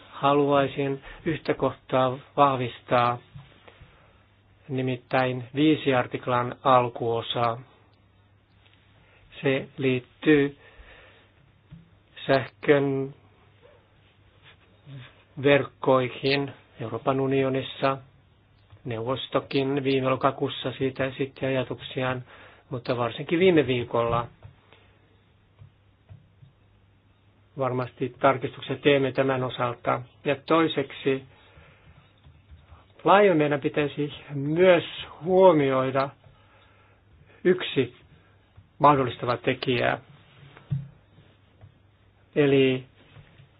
haluaisin yhtä kohtaa vahvistaa, nimittäin viisi artiklan alkuosaa. Se liittyy sähkön verkkoihin Euroopan unionissa. Neuvostokin viime lokakuussa siitä esitti ajatuksiaan, mutta varsinkin viime viikolla varmasti tarkistukset teemme tämän osalta. Ja toiseksi laajoin meidän pitäisi myös huomioida yksi mahdollistava tekijä, eli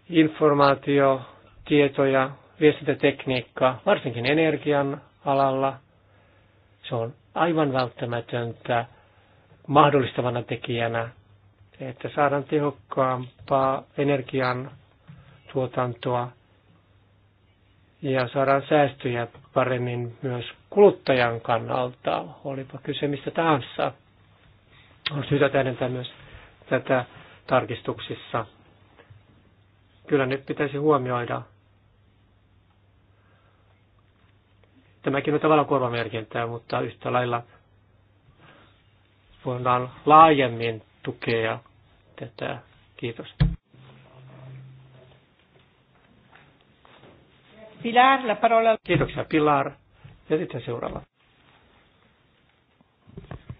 informaatio Tietoja, ja viestintätekniikka, varsinkin energian alalla. Se on aivan välttämätöntä mahdollistavana tekijänä, että saadaan tehokkaampaa energian tuotantoa ja saadaan säästöjä paremmin myös kuluttajan kannalta, olipa kyse mistä tahansa. On syytä täydentää myös tätä tarkistuksissa. Kyllä nyt pitäisi huomioida Tämäkin on tavallaan korvamerkintää, mutta yhtä lailla voidaan laajemmin tukea tätä. Kiitos. Pilar, la parola. Kiitoksia Pilar. Ja sitten seuraava.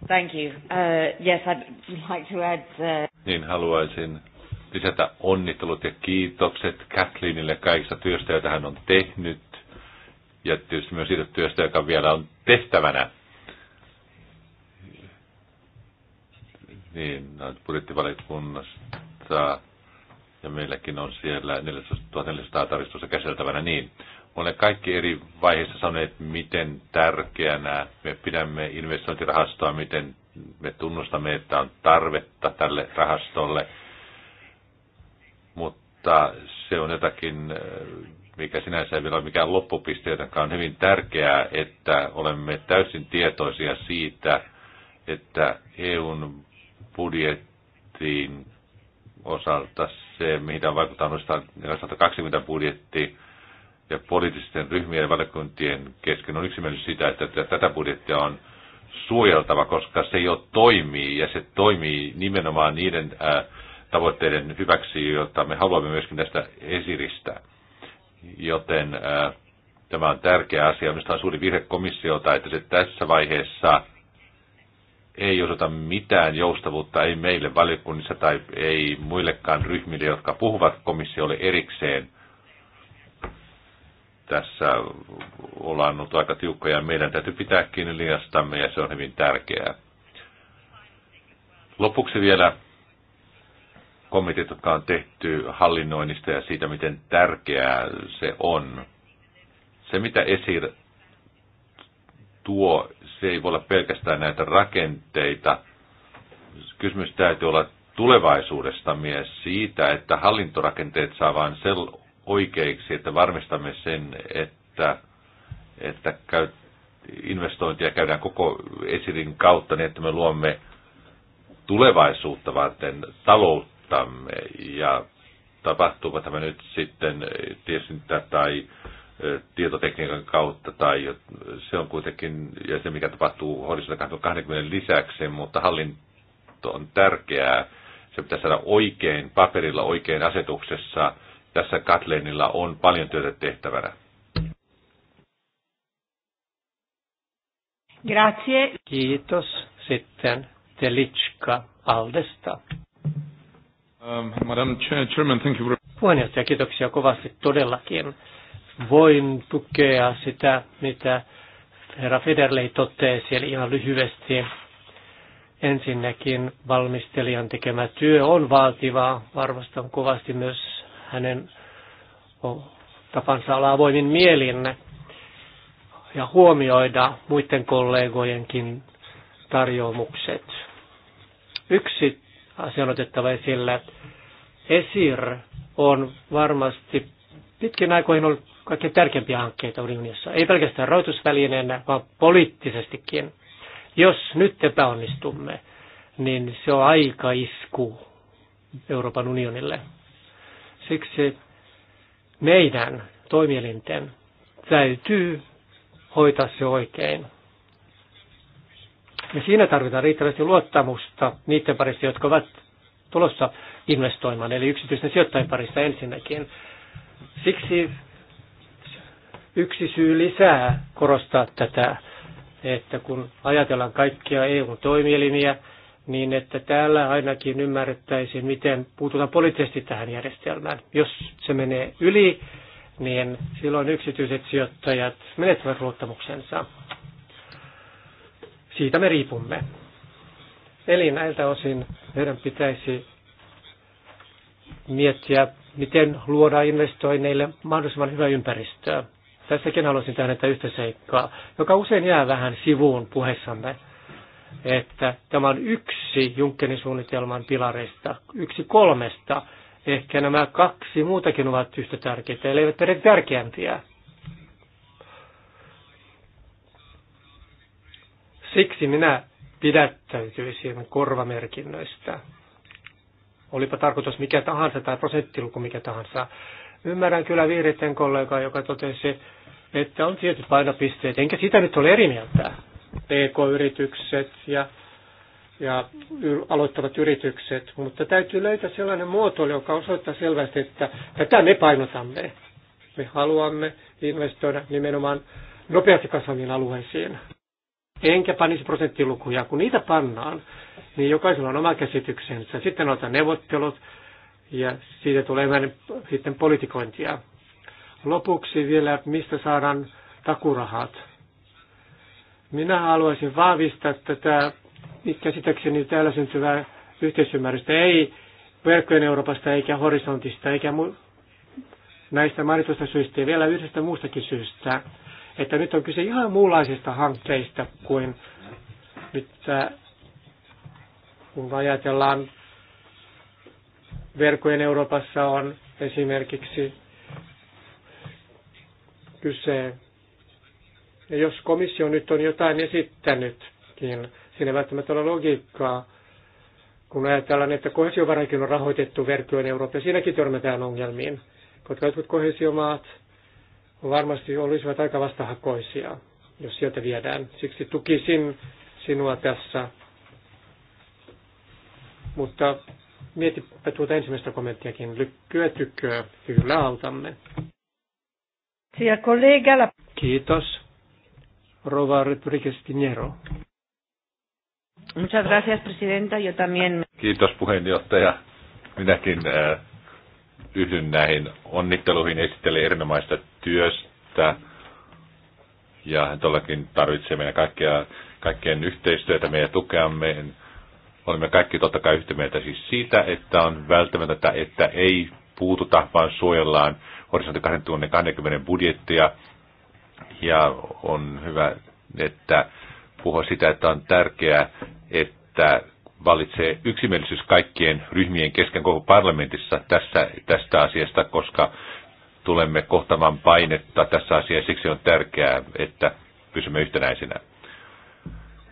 Thank you. Uh, yes, I'd like to add... Uh... Niin, haluaisin lisätä onnittelut ja kiitokset Kathleenille kaikista työstä, joita hän on tehnyt ja tietysti myös siitä työstä, joka vielä on tehtävänä. Niin, no, budjettivalikunnasta ja meilläkin on siellä 1400 tarkistusta käsiteltävänä niin. olen kaikki eri vaiheissa sanoneet, miten tärkeänä me pidämme investointirahastoa, miten me tunnustamme, että on tarvetta tälle rahastolle, mutta se on jotakin mikä sinänsä ei vielä ole mikään loppupiste, joten on hyvin tärkeää, että olemme täysin tietoisia siitä, että EUn budjettiin osalta se, mihin vaikuttaa noista 120 budjetti ja poliittisten ryhmien ja valiokuntien kesken on yksimielisyys sitä, että tätä budjettia on suojeltava, koska se jo toimii ja se toimii nimenomaan niiden ää, tavoitteiden hyväksi, joita me haluamme myöskin tästä esiristää joten tämä on tärkeä asia. Minusta on suuri virhe komissiota, että se tässä vaiheessa ei osoita mitään joustavuutta, ei meille valiokunnissa tai ei muillekaan ryhmille, jotka puhuvat komissiolle erikseen. Tässä ollaan ollut aika tiukkoja ja meidän täytyy pitää kiinni linjastamme ja se on hyvin tärkeää. Lopuksi vielä komiteat, jotka on tehty hallinnoinnista ja siitä, miten tärkeää se on. Se, mitä esir tuo, se ei voi olla pelkästään näitä rakenteita. Kysymys täytyy olla tulevaisuudesta myös siitä, että hallintorakenteet saa vain sel- oikeiksi, että varmistamme sen, että, että käy, investointia käydään koko esirin kautta niin, että me luomme tulevaisuutta varten taloutta talouttamme ja tapahtuuko tämä nyt sitten eh, tiesintä tai eh, tietotekniikan kautta, tai se on kuitenkin, ja se mikä tapahtuu horisontti 2020 lisäksi, mutta hallinto on tärkeää, se pitää saada oikein paperilla, oikein asetuksessa. Tässä Katleenilla on paljon työtä tehtävänä. Grazie. Kiitos. Sitten Telitska Aldesta. Um, Madam Chairman, thank you. Puheenjohtaja, kiitoksia kovasti todellakin. Voin tukea sitä, mitä herra Federley totesi, eli ihan lyhyesti. Ensinnäkin valmistelijan tekemä työ on vaativaa. Arvostan kovasti myös hänen tapansa olla avoimin mielin ja huomioida muiden kollegojenkin tarjoamukset. Yksi asia on otettava esille. ESIR on varmasti pitkin aikoihin ollut kaikkein tärkeimpiä hankkeita unionissa. Ei pelkästään rahoitusvälineenä, vaan poliittisestikin. Jos nyt epäonnistumme, niin se on aika isku Euroopan unionille. Siksi meidän toimielinten täytyy hoitaa se oikein. Ja siinä tarvitaan riittävästi luottamusta niiden parissa, jotka ovat tulossa investoimaan, eli yksityisten sijoittajien parissa ensinnäkin. Siksi yksi syy lisää korostaa tätä, että kun ajatellaan kaikkia EU-toimielimiä, niin että täällä ainakin ymmärrettäisiin, miten puututaan poliittisesti tähän järjestelmään. Jos se menee yli, niin silloin yksityiset sijoittajat menettävät luottamuksensa siitä me riipumme. Eli näiltä osin meidän pitäisi miettiä, miten luodaan investoinneille mahdollisimman hyvä ympäristöä. Tässäkin haluaisin tähdentää yhtä seikkaa, joka usein jää vähän sivuun puheessamme, että tämä on yksi Junckerin suunnitelman pilareista, yksi kolmesta. Ehkä nämä kaksi muutakin ovat yhtä tärkeitä, eli eivät edes tärkeämpiä. Siksi minä pidättäytyisin korvamerkinnöistä. Olipa tarkoitus mikä tahansa tai prosenttiluku mikä tahansa. Ymmärrän kyllä vihreiden kollegaa, joka totesi, että on tietyt painopisteet, enkä sitä nyt ole eri mieltä. PK-yritykset ja, ja aloittavat yritykset, mutta täytyy löytää sellainen muoto, joka osoittaa selvästi, että tätä me painotamme. Me haluamme investoida nimenomaan nopeasti kasvaviin alueisiin enkä panisi prosenttilukuja. Kun niitä pannaan, niin jokaisella on oma käsityksensä. Sitten on neuvottelut ja siitä tulee vähän sitten politikointia. Lopuksi vielä, mistä saadaan takurahat. Minä haluaisin vahvistaa tätä käsitekseni täällä syntyvää yhteisymmärrystä. Ei verkkojen Euroopasta eikä horisontista eikä mu- näistä mainitusta syistä ja vielä yhdestä muustakin syystä että nyt on kyse ihan muunlaisista hankkeista kuin nyt kun ajatellaan verkkojen Euroopassa on esimerkiksi kyse. Ja jos komissio nyt on jotain esittänytkin, siinä ei välttämättä ole logiikkaa, kun ajatellaan, että kohesiovarakin on rahoitettu verkkojen Euroopassa, siinäkin törmätään ongelmiin, koska jotkut kohesiomaat varmasti olisivat aika vastahakoisia, jos sieltä viedään. Siksi tukisin sinua tässä. Mutta mietipä tuota ensimmäistä kommenttiakin. Lykkyä tykköä, kyllä autamme. Kiitos. Rova Rodríguez Piñero. Muchas gracias, presidenta. Yo también. Kiitos puheenjohtaja. Minäkin äh, yhdyn näihin onnitteluihin esittelen erinomaista työstä. Ja hän todellakin tarvitsee meidän kaikkia, kaikkien yhteistyötä, meidän tukeamme. Olemme kaikki totta kai yhtä mieltä siis siitä, että on välttämätöntä, että ei puututa, vaan suojellaan horisontti 2020 budjettia. Ja on hyvä, että puhua sitä, että on tärkeää, että valitsee yksimielisyys kaikkien ryhmien kesken koko parlamentissa tässä, tästä asiasta, koska tulemme kohtamaan painetta tässä asiassa. Siksi on tärkeää, että pysymme yhtenäisinä.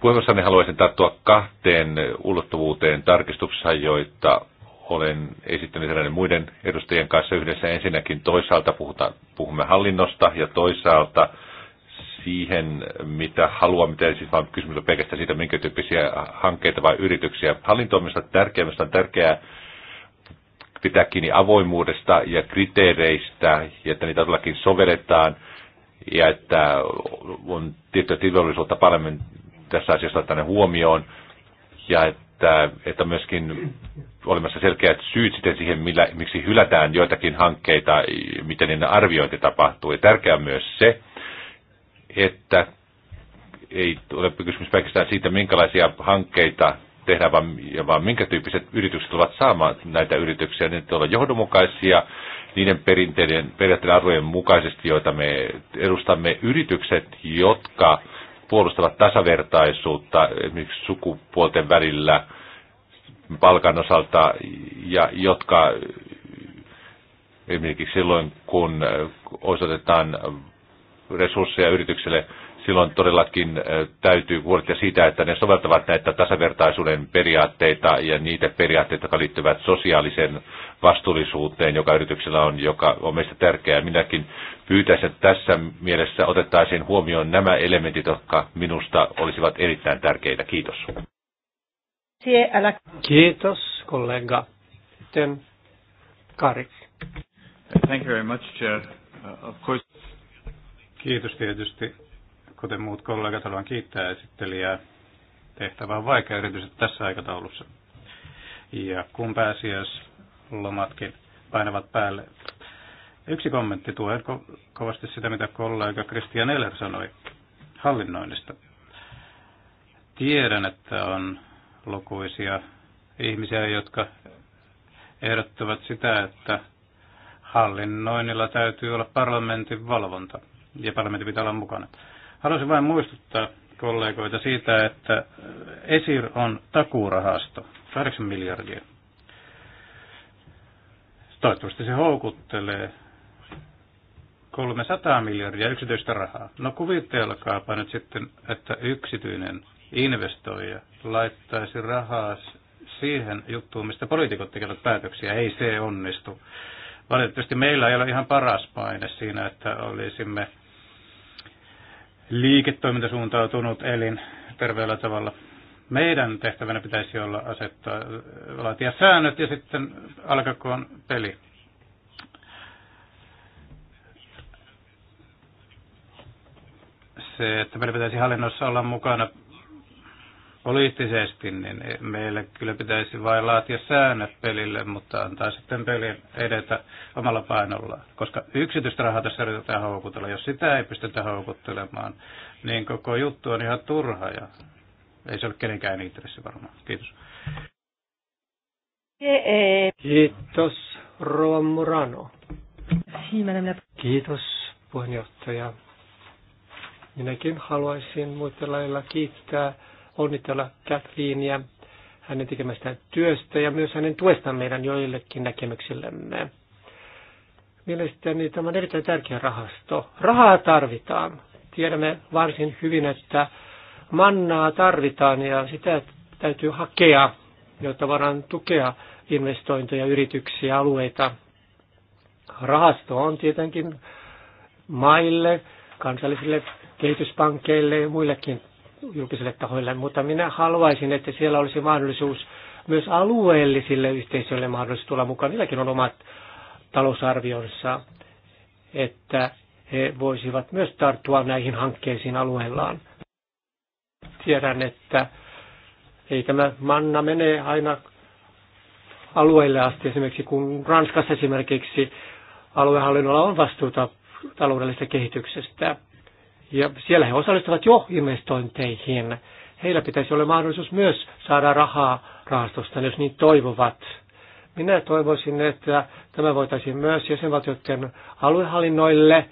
Puheenvuorossani haluaisin tarttua kahteen ulottuvuuteen tarkistuksessa, joita olen esittänyt eräiden muiden edustajien kanssa yhdessä. Ensinnäkin toisaalta puhutaan, puhumme hallinnosta ja toisaalta siihen, mitä haluaa, mitä siis vaan kysymys on pelkästään siitä, minkä tyyppisiä hankkeita vai yrityksiä. Hallinto on tärkeää, on tärkeää pitää kiinni avoimuudesta ja kriteereistä, ja että niitä todellakin sovelletaan, ja että on tiettyä tilollisuutta paremmin tässä asiassa tänne huomioon, ja että, että myöskin olemassa selkeät syyt sitten siihen, millä, miksi hylätään joitakin hankkeita, miten niiden arviointi tapahtuu. Ja tärkeää myös se, että ei ole kysymys pelkästään siitä, minkälaisia hankkeita tehdään, vaan, ja vaan minkä tyyppiset yritykset ovat saamaan näitä yrityksiä, niin olla johdonmukaisia niiden perinteiden, periaatteiden arvojen mukaisesti, joita me edustamme yritykset, jotka puolustavat tasavertaisuutta esimerkiksi sukupuolten välillä palkan osalta ja jotka esimerkiksi silloin, kun osoitetaan resursseja yritykselle, silloin todellakin täytyy huolehtia siitä, että ne soveltavat näitä tasavertaisuuden periaatteita ja niitä periaatteita, jotka liittyvät sosiaaliseen vastuullisuuteen, joka yrityksellä on, joka on meistä tärkeää. Minäkin pyytäisin, että tässä mielessä otettaisiin huomioon nämä elementit, jotka minusta olisivat erittäin tärkeitä. Kiitos. Kiitos, kollega. Sitten Karik. Thank you very much, Chair. Uh, of course... Kiitos tietysti Kuten muut kollegat, haluan kiittää esittelijää. Tehtävä on vaikea erityisesti tässä aikataulussa. Ja kun lomatkin painavat päälle. Yksi kommentti tuo ko- kovasti sitä, mitä kollega Christian Eller sanoi hallinnoinnista. Tiedän, että on lukuisia ihmisiä, jotka ehdottavat sitä, että hallinnoinnilla täytyy olla parlamentin valvonta ja parlamentti pitää olla mukana. Haluaisin vain muistuttaa kollegoita siitä, että ESIR on takuurahasto, 8 miljardia. Toivottavasti se houkuttelee 300 miljardia yksityistä rahaa. No kuvitelkaapa nyt sitten, että yksityinen investoija laittaisi rahaa siihen juttuun, mistä poliitikot tekevät päätöksiä. Ei se onnistu. Valitettavasti meillä ei ole ihan paras paine siinä, että olisimme liiketoimintasuuntautunut elin terveellä tavalla. Meidän tehtävänä pitäisi olla asettaa, laatia säännöt ja sitten alkakoon peli. Se, että meidän pitäisi hallinnossa olla mukana poliittisesti, niin meille kyllä pitäisi vain laatia säännöt pelille, mutta antaa sitten pelin edetä omalla painollaan. Koska yksityistä rahaa tässä yritetään houkutella. Jos sitä ei pystytä houkuttelemaan, niin koko juttu on ihan turha ja ei se ole kenenkään intressi varmaan. Kiitos. Kiitos, Rova Murano. Kiitos, puheenjohtaja. Minäkin haluaisin muuten lailla kiittää onnitella Kathleenia hänen tekemästään työstä ja myös hänen tuestaan meidän joillekin näkemyksillemme. Mielestäni tämä on erittäin tärkeä rahasto. Rahaa tarvitaan. Tiedämme varsin hyvin, että mannaa tarvitaan ja sitä täytyy hakea, jotta voidaan tukea investointeja, yrityksiä, alueita. Rahasto on tietenkin maille, kansallisille kehityspankkeille ja muillekin julkisille tahoille, mutta minä haluaisin, että siellä olisi mahdollisuus myös alueellisille yhteisöille mahdollisuus tulla mukaan. Niilläkin on omat talousarvionsa, että he voisivat myös tarttua näihin hankkeisiin alueellaan. Tiedän, että ei tämä manna mene aina alueille asti. Esimerkiksi kun Ranskassa esimerkiksi aluehallinnolla on vastuuta taloudellisesta kehityksestä. Ja siellä he osallistuvat jo investointeihin. Heillä pitäisi olla mahdollisuus myös saada rahaa rahastosta, jos niin toivovat. Minä toivoisin, että tämä voitaisiin myös jäsenvaltioiden aluehallinnoille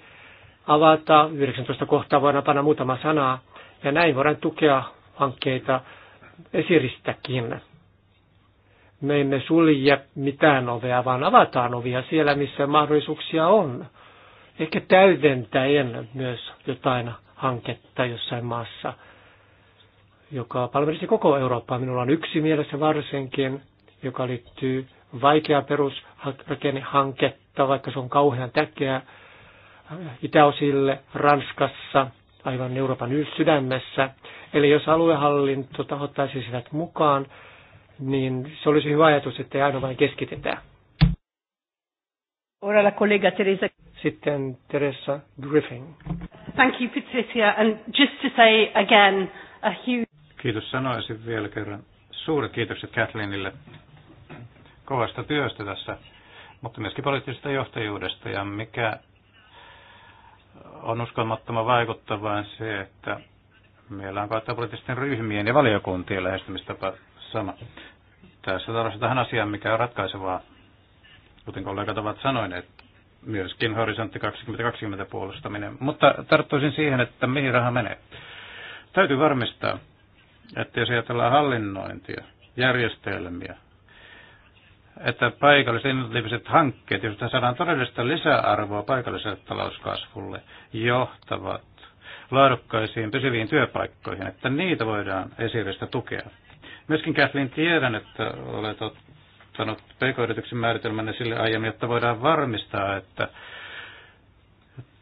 avata. 19 kohtaa voidaan panna muutama sana. Ja näin voidaan tukea hankkeita esiristäkin. Me emme sulje mitään ovea, vaan avataan ovia siellä, missä mahdollisuuksia on ehkä täydentäen myös jotain hanketta jossain maassa, joka palvelisi koko Eurooppaa. Minulla on yksi mielessä varsinkin, joka liittyy vaikea perusrakennehanketta, vaikka se on kauhean tärkeää äh, itäosille Ranskassa, aivan Euroopan sydämessä. Eli jos aluehallinto tahottaisi sitä mukaan, niin se olisi hyvä ajatus, että ei aina vain keskitetä. Ora la collega Teresa. Sitten Teresa Griffin. Thank you, Patricia. And just to say again, a huge... Kiitos sanoisin vielä kerran. Suuret kiitokset Kathleenille kovasta työstä tässä, mutta myöskin poliittisesta johtajuudesta. Ja mikä on uskomattoman vaikuttavaa se, että meillä on kautta poliittisten ryhmien ja valiokuntien lähestymistapa sama. Tässä tarvitaan tähän asiaan, mikä on ratkaisevaa, kuten kollegat ovat sanoineet myöskin horisontti 2020 puolustaminen. Mutta tarttuisin siihen, että mihin raha menee. Täytyy varmistaa, että jos ajatellaan hallinnointia, järjestelmiä, että paikalliset innovatiiviset hankkeet, joista saadaan todellista lisäarvoa paikalliselle talouskasvulle, johtavat laadukkaisiin pysyviin työpaikkoihin, että niitä voidaan esiristä tukea. Myöskin Kathleen tiedän, että olet ottanut pk-yrityksen määritelmänne sille aiemmin, jotta voidaan varmistaa, että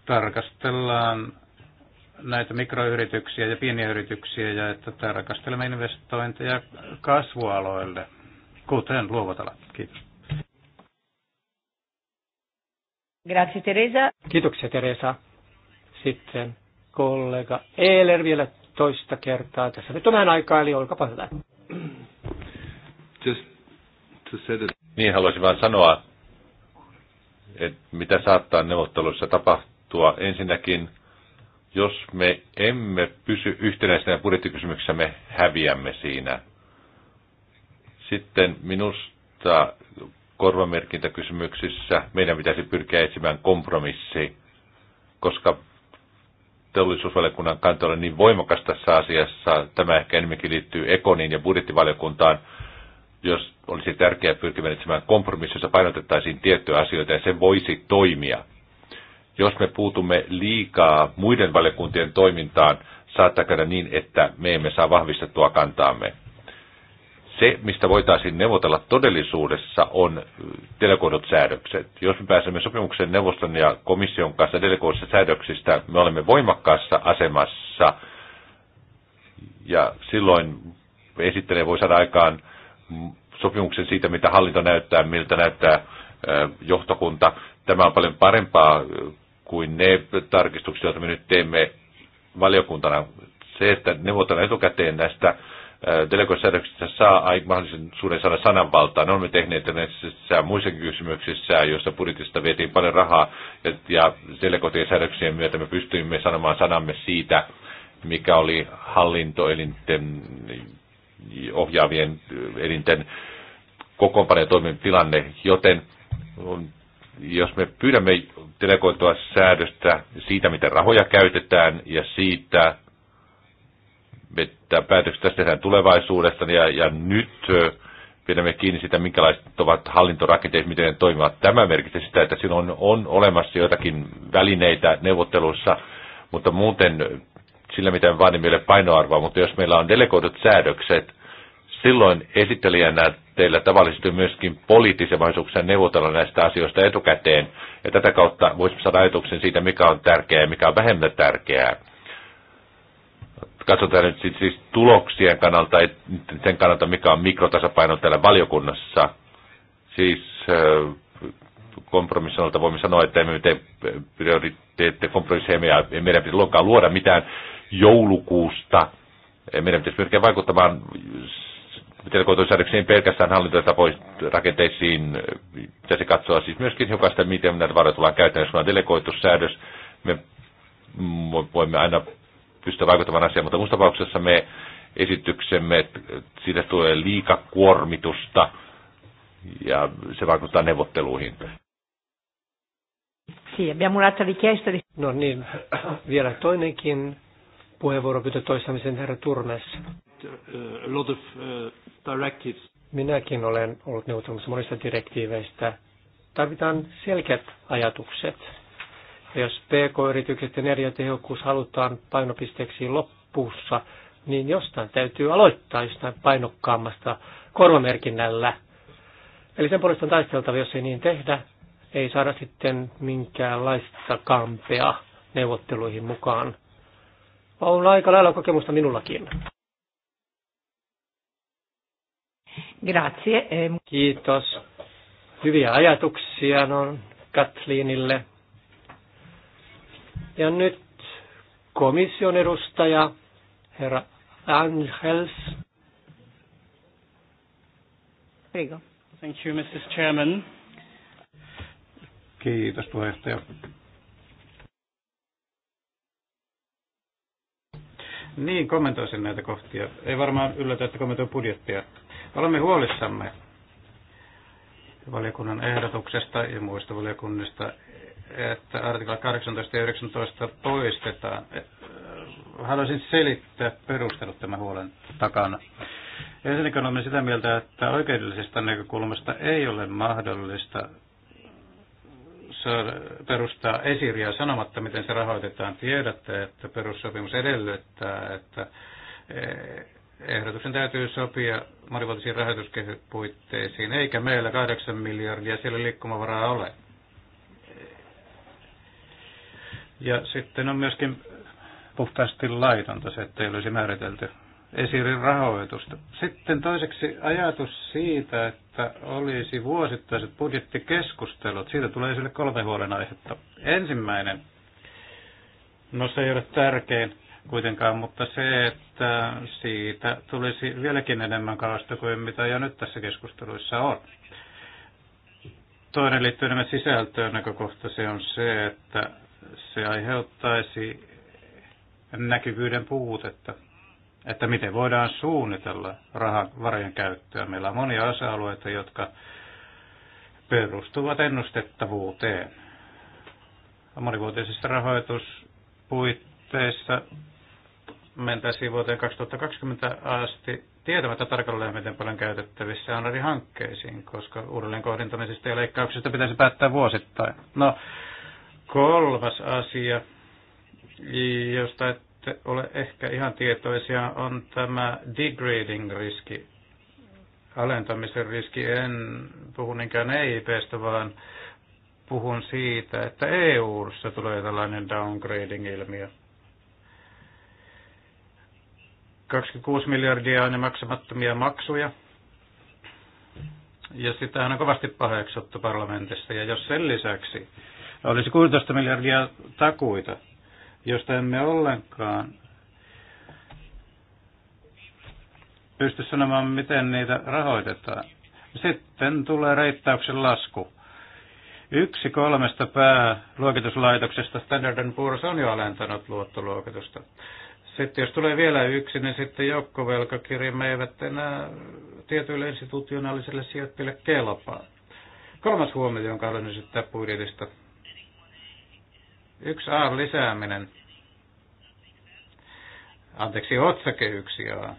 tarkastellaan näitä mikroyrityksiä ja pieniä yrityksiä ja että tarkastelemme investointeja kasvualoille, kuten luovat alat. Kiitos. Grazie Teresa. Kiitoksia Teresa. Sitten kollega Eeler vielä toista kertaa tässä. Nyt on vähän aikaa, eli olkapa hyvä. Just niin, haluaisin vain sanoa, että mitä saattaa neuvotteluissa tapahtua. Ensinnäkin, jos me emme pysy yhtenäisenä budjettikysymyksessä, me häviämme siinä. Sitten minusta korvamerkintäkysymyksissä meidän pitäisi pyrkiä etsimään kompromissi, koska teollisuusvaliokunnan kanta on niin voimakas tässä asiassa. Tämä ehkä enemmänkin liittyy Ekoniin ja budjettivaliokuntaan jos olisi tärkeää pyrkiä etsimään kompromissi, jossa painotettaisiin tiettyjä asioita ja se voisi toimia. Jos me puutumme liikaa muiden valiokuntien toimintaan, saattaa käydä niin, että me emme saa vahvistettua kantaamme. Se, mistä voitaisiin neuvotella todellisuudessa, on delegoidut säädökset. Jos me pääsemme sopimuksen neuvoston ja komission kanssa delegoidusta säädöksistä, me olemme voimakkaassa asemassa ja silloin esittelee voi saada aikaan sopimuksen siitä, mitä hallinto näyttää, miltä näyttää johtokunta. Tämä on paljon parempaa kuin ne tarkistukset, joita me nyt teemme valiokuntana. Se, että neuvotellaan etukäteen näistä delegoisäädöksistä saa suuren saada sananvaltaa. Ne olemme tehneet näissä muissakin kysymyksissä, joissa budjetista vietiin paljon rahaa, ja delegoitujen säädöksien myötä me pystyimme sanomaan sanamme siitä, mikä oli hallintoelinten ohjaavien elinten kokoonpanojen toimin tilanne, joten jos me pyydämme delegoitua säädöstä siitä, miten rahoja käytetään ja siitä, että päätökset tästä tehdään tulevaisuudesta ja, ja nyt pidämme kiinni sitä, minkälaiset ovat hallintorakenteet, miten ne toimivat. Tämä merkitsee sitä, että silloin on olemassa jotakin välineitä neuvotteluissa, mutta muuten sillä, mitä vaadimme painoarvoa, mutta jos meillä on delegoidut säädökset, silloin esittelijänä teillä tavallisesti myöskin poliittisen mahdollisuuksia neuvotella näistä asioista etukäteen, ja tätä kautta voisimme saada ajatuksen siitä, mikä on tärkeää ja mikä on vähemmän tärkeää. Katsotaan nyt siis, siis tuloksien kannalta, sen kannalta, mikä on mikrotasapaino täällä valiokunnassa. Siis kompromissinolta voimme sanoa, että emme te prioriteetteja kompromisseja, ei meidän pitäisi luokkaan luoda mitään joulukuusta. Eh, meidän pitäisi pyrkiä vaikuttamaan tietokoitoisäädöksiin pelkästään rakenteisiin. Pitäisi katsoa siis myöskin hiukan sitä, miten näitä varoja tullaan käytännössä. Kun on delegoitussäädös, me voimme aina pystyä vaikuttamaan asiaan, mutta muussa tapauksessa me esityksemme, että siitä tulee liikakuormitusta ja se vaikuttaa neuvotteluihin. Sì, abbiamo un'altra richiesta. No niin, vielä toinenkin puheenvuoropyyntö toistamisen herra Turmes. Uh, uh, Minäkin olen ollut neuvottelemassa monista direktiiveistä. Tarvitaan selkeät ajatukset. Ja jos PK-yritykset energiatehokkuus halutaan painopisteeksi loppuussa, niin jostain täytyy aloittaa jostain painokkaammasta korvamerkinnällä. Eli sen puolesta on taisteltava, jos ei niin tehdä, ei saada sitten minkäänlaista kampea neuvotteluihin mukaan on aika lailla kokemusta minullakin. Grazie. Ehm. Kiitos. Hyviä ajatuksia on Katliinille. Ja nyt komission edustaja, herra Angels. Thank you, Mrs. Chairman. Kiitos puheenjohtaja. Niin, kommentoisin näitä kohtia. Ei varmaan yllätä, että kommentoin budjettia. Olemme huolissamme valiokunnan ehdotuksesta ja muista valiokunnista, että artikla 18 ja 19 poistetaan. Haluaisin selittää perustelut tämän huolen takana. Ensinnäkin olemme sitä mieltä, että oikeudellisesta näkökulmasta ei ole mahdollista saada, perustaa esiriä sanomatta, miten se rahoitetaan. Tiedätte, että perussopimus edellyttää, että eh, ehdotuksen täytyy sopia monivuotisiin rahoituskehyspuitteisiin, eikä meillä 8 miljardia siellä liikkumavaraa ole. Ja sitten on myöskin puhtaasti laitonta se, että ei olisi määritelty esirin rahoitusta. Sitten toiseksi ajatus siitä, että olisi vuosittaiset budjettikeskustelut. Siitä tulee esille kolme huolenaihetta. Ensimmäinen, no se ei ole tärkein kuitenkaan, mutta se, että siitä tulisi vieläkin enemmän kalasta kuin mitä jo nyt tässä keskusteluissa on. Toinen liittyy enemmän sisältöön näkökohta, se on se, että se aiheuttaisi näkyvyyden puutetta että miten voidaan suunnitella rahan varojen käyttöä. Meillä on monia osa-alueita, jotka perustuvat ennustettavuuteen. Monivuotisissa rahoituspuitteissa mentäisiin vuoteen 2020 asti tietämättä tarkalleen, miten paljon käytettävissä on eri hankkeisiin, koska uudelleen kohdentamisesta ja leikkauksista pitäisi päättää vuosittain. No, kolmas asia, josta et ette ole ehkä ihan tietoisia, on tämä degrading-riski, alentamisen riski. En puhu niinkään EIPstä, vaan puhun siitä, että EU-ssa tulee tällainen downgrading-ilmiö. 26 miljardia on maksamattomia maksuja. Ja sitä on kovasti paheksuttu parlamentissa. Ja jos sen lisäksi olisi 16 miljardia takuita, josta emme ollenkaan pysty sanomaan, miten niitä rahoitetaan. Sitten tulee reittauksen lasku. Yksi kolmesta pääluokituslaitoksesta Standard Poor's on jo alentanut luottoluokitusta. Sitten jos tulee vielä yksi, niin sitten joukkovelkakirjamme eivät enää tietyille institutionaalisille sijoittajille kelpaa. Kolmas huomio, jonka haluan esittää budjetista, Yksi A lisääminen. Anteeksi, otsake yksi A.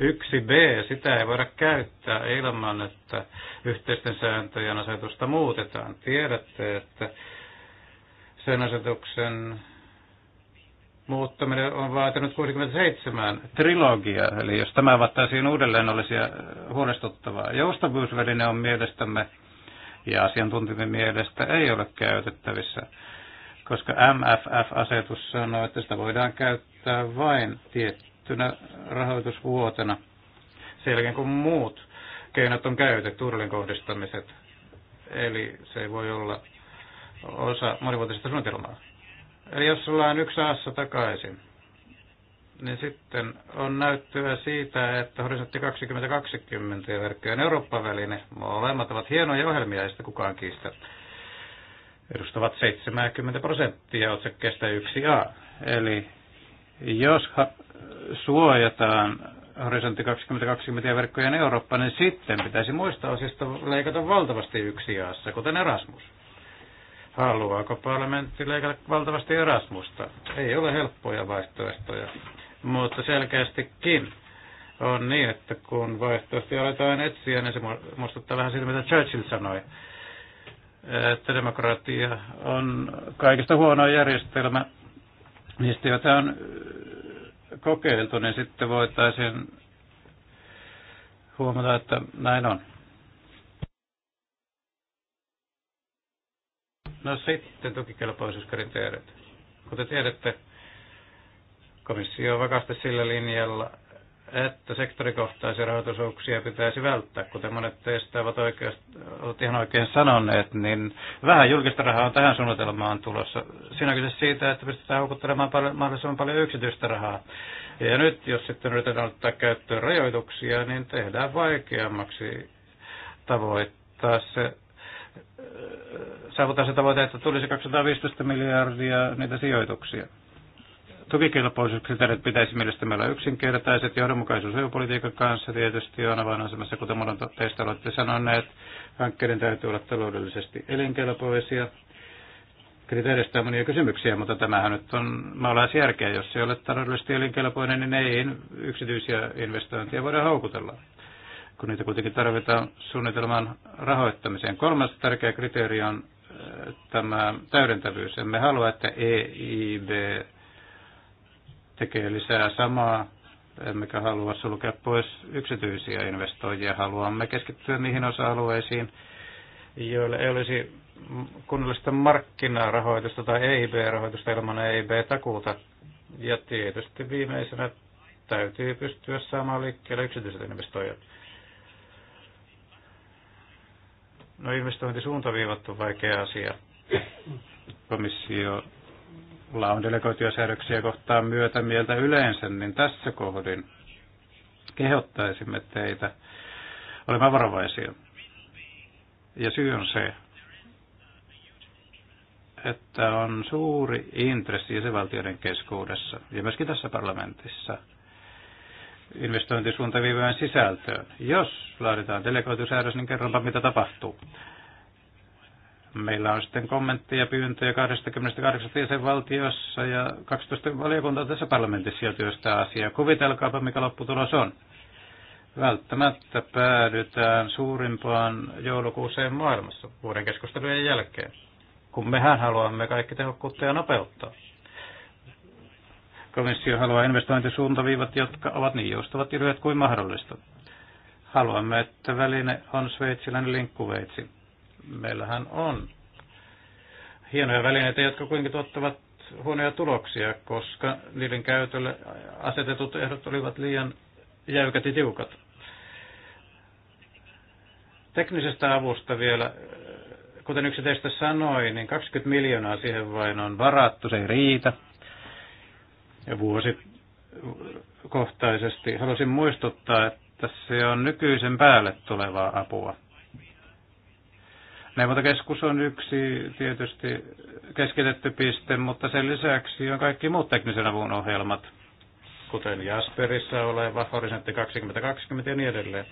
Yksi B, sitä ei voida käyttää ilman, että yhteisten sääntöjen asetusta muutetaan. Tiedätte, että sen asetuksen muuttaminen on vaatinut 67 trilogiaa, eli jos tämä vattaisiin uudelleen, olisi huolestuttavaa. Joustavuusväline on mielestämme ja asiantuntijan mielestä ei ole käytettävissä, koska MFF-asetus sanoo, että sitä voidaan käyttää vain tiettynä rahoitusvuotena sen jälkeen, kun muut keinot on käytetty, uudelleen kohdistamiset. Eli se ei voi olla osa monivuotisesta suunnitelmaa. Eli jos sulla on yksi aassa takaisin, niin sitten on näyttöä siitä, että Horisontti 2020 ja verkkojen Eurooppa-väline, molemmat ovat hienoja ohjelmia, ja sitä kukaan kiistä, edustavat 70 prosenttia otsakkeesta 1a. Eli jos suojataan Horisontti 2020 ja verkkojen Eurooppa, niin sitten pitäisi muista osista leikata valtavasti 1A, kuten Erasmus. Haluaako parlamentti leikata valtavasti Erasmusta? Ei ole helppoja vaihtoehtoja. Mutta selkeästikin on niin, että kun vaihtoehtoja aletaan etsiä, niin se muistuttaa vähän siitä, mitä Churchill sanoi, että demokratia on kaikista huono järjestelmä. Niistä, joita on kokeiltu, niin sitten voitaisiin huomata, että näin on. No sitten tukikelpoisuuskriteerit. Kuten tiedätte, Komissio on vakaasti sillä linjalla, että sektorikohtaisia rahoitusuuksia pitäisi välttää. Kuten monet teistä ovat, oikeast, ovat ihan oikein sanoneet, niin vähän julkista rahaa on tähän suunnitelmaan tulossa. Siinä on kyse siitä, että pystytään houkuttelemaan mahdollisimman paljon yksityistä rahaa. Ja nyt, jos sitten yritetään ottaa käyttöön rajoituksia, niin tehdään vaikeammaksi tavoittaa se saavuttaa se tavoite, että tulisi 215 miljardia niitä sijoituksia tukikelpoisuuskriteerit pitäisi mielestäni olla yksinkertaiset. Johdonmukaisuus EU-politiikan kanssa tietysti on avainasemassa, kuten monet teistä olette sanoneet. Hankkeiden täytyy olla taloudellisesti elinkelpoisia. Kriteeristä on monia kysymyksiä, mutta tämähän nyt on maalaisjärkeä. Jos ei ole taloudellisesti elinkelpoinen, niin ei yksityisiä investointeja voida houkutella kun niitä kuitenkin tarvitaan suunnitelman rahoittamiseen. Kolmas tärkeä kriteeri on äh, tämä täydentävyys. Emme halua, että EIB tekee lisää samaa, emmekä halua sulkea pois yksityisiä investoijia. Haluamme keskittyä niihin osa-alueisiin, joille ei olisi kunnallista markkinarahoitusta tai EIB-rahoitusta ilman EIB-takuuta. Ja tietysti viimeisenä täytyy pystyä saamaan liikkeelle yksityiset investoijat. No investointisuuntaviivat on vaikea asia. Komissio olla on delegoitiosäädöksiä kohtaan mieltä yleensä, niin tässä kohdin kehottaisimme teitä olemaan varovaisia. Ja syy on se, että on suuri intressi jäsenvaltioiden keskuudessa ja myöskin tässä parlamentissa investointisuuntaviivojen sisältöön. Jos laaditaan delegoitusäädös, niin kerronpa mitä tapahtuu. Meillä on sitten kommentteja, pyyntöjä 28 jäsenvaltiossa ja 12 valiokuntaa tässä parlamentissa jo työstää asiaa. Kuvitelkaapa, mikä lopputulos on. Välttämättä päädytään suurimpaan joulukuuseen maailmassa vuoden keskustelujen jälkeen, kun mehän haluamme kaikki tehokkuutta ja nopeuttaa. Komissio haluaa investointisuuntaviivat, jotka ovat niin joustavat ja lyhyet kuin mahdollista. Haluamme, että väline on sveitsiläinen linkkuveitsi meillähän on hienoja välineitä, jotka kuitenkin tuottavat huonoja tuloksia, koska niiden käytölle asetetut ehdot olivat liian jäykät ja tiukat. Teknisestä avusta vielä, kuten yksi teistä sanoi, niin 20 miljoonaa siihen vain on varattu, se ei riitä. Ja vuosikohtaisesti haluaisin muistuttaa, että se on nykyisen päälle tulevaa apua. Neuvontakeskus on yksi tietysti keskitetty piste, mutta sen lisäksi on kaikki muut teknisen avun ohjelmat, kuten Jasperissa oleva Horisontti 2020 ja niin edelleen.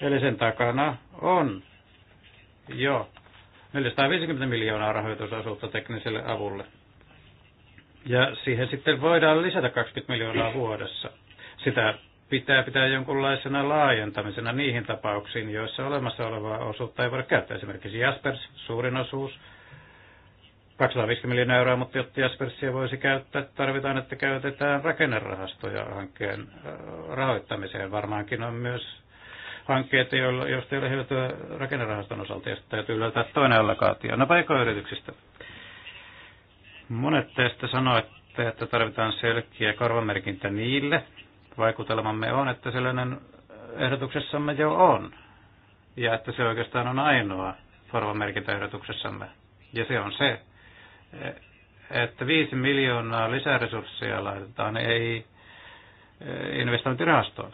Eli sen takana on jo 450 miljoonaa rahoitusosuutta tekniselle avulle. Ja siihen sitten voidaan lisätä 20 miljoonaa vuodessa. Sitä pitää pitää jonkunlaisena laajentamisena niihin tapauksiin, joissa olemassa olevaa osuutta ei voida käyttää. Esimerkiksi Jaspers, suurin osuus, 250 miljoonaa euroa, mutta jotta Jaspersia voisi käyttää, tarvitaan, että käytetään rakennerahastoja hankkeen äh, rahoittamiseen. Varmaankin on myös hankkeita, joista ei ole hyötyä rakennerahaston osalta, ja täytyy löytää toinen allokaatio. No pk-yrityksistä. Monet teistä sanoivat, että tarvitaan selkeä korvamerkintä niille, Vaikutelmamme on, että sellainen ehdotuksessamme jo on, ja että se oikeastaan on ainoa ehdotuksessamme. Ja se on se, että viisi miljoonaa lisäresursseja laitetaan ei eh, investointirahastoon,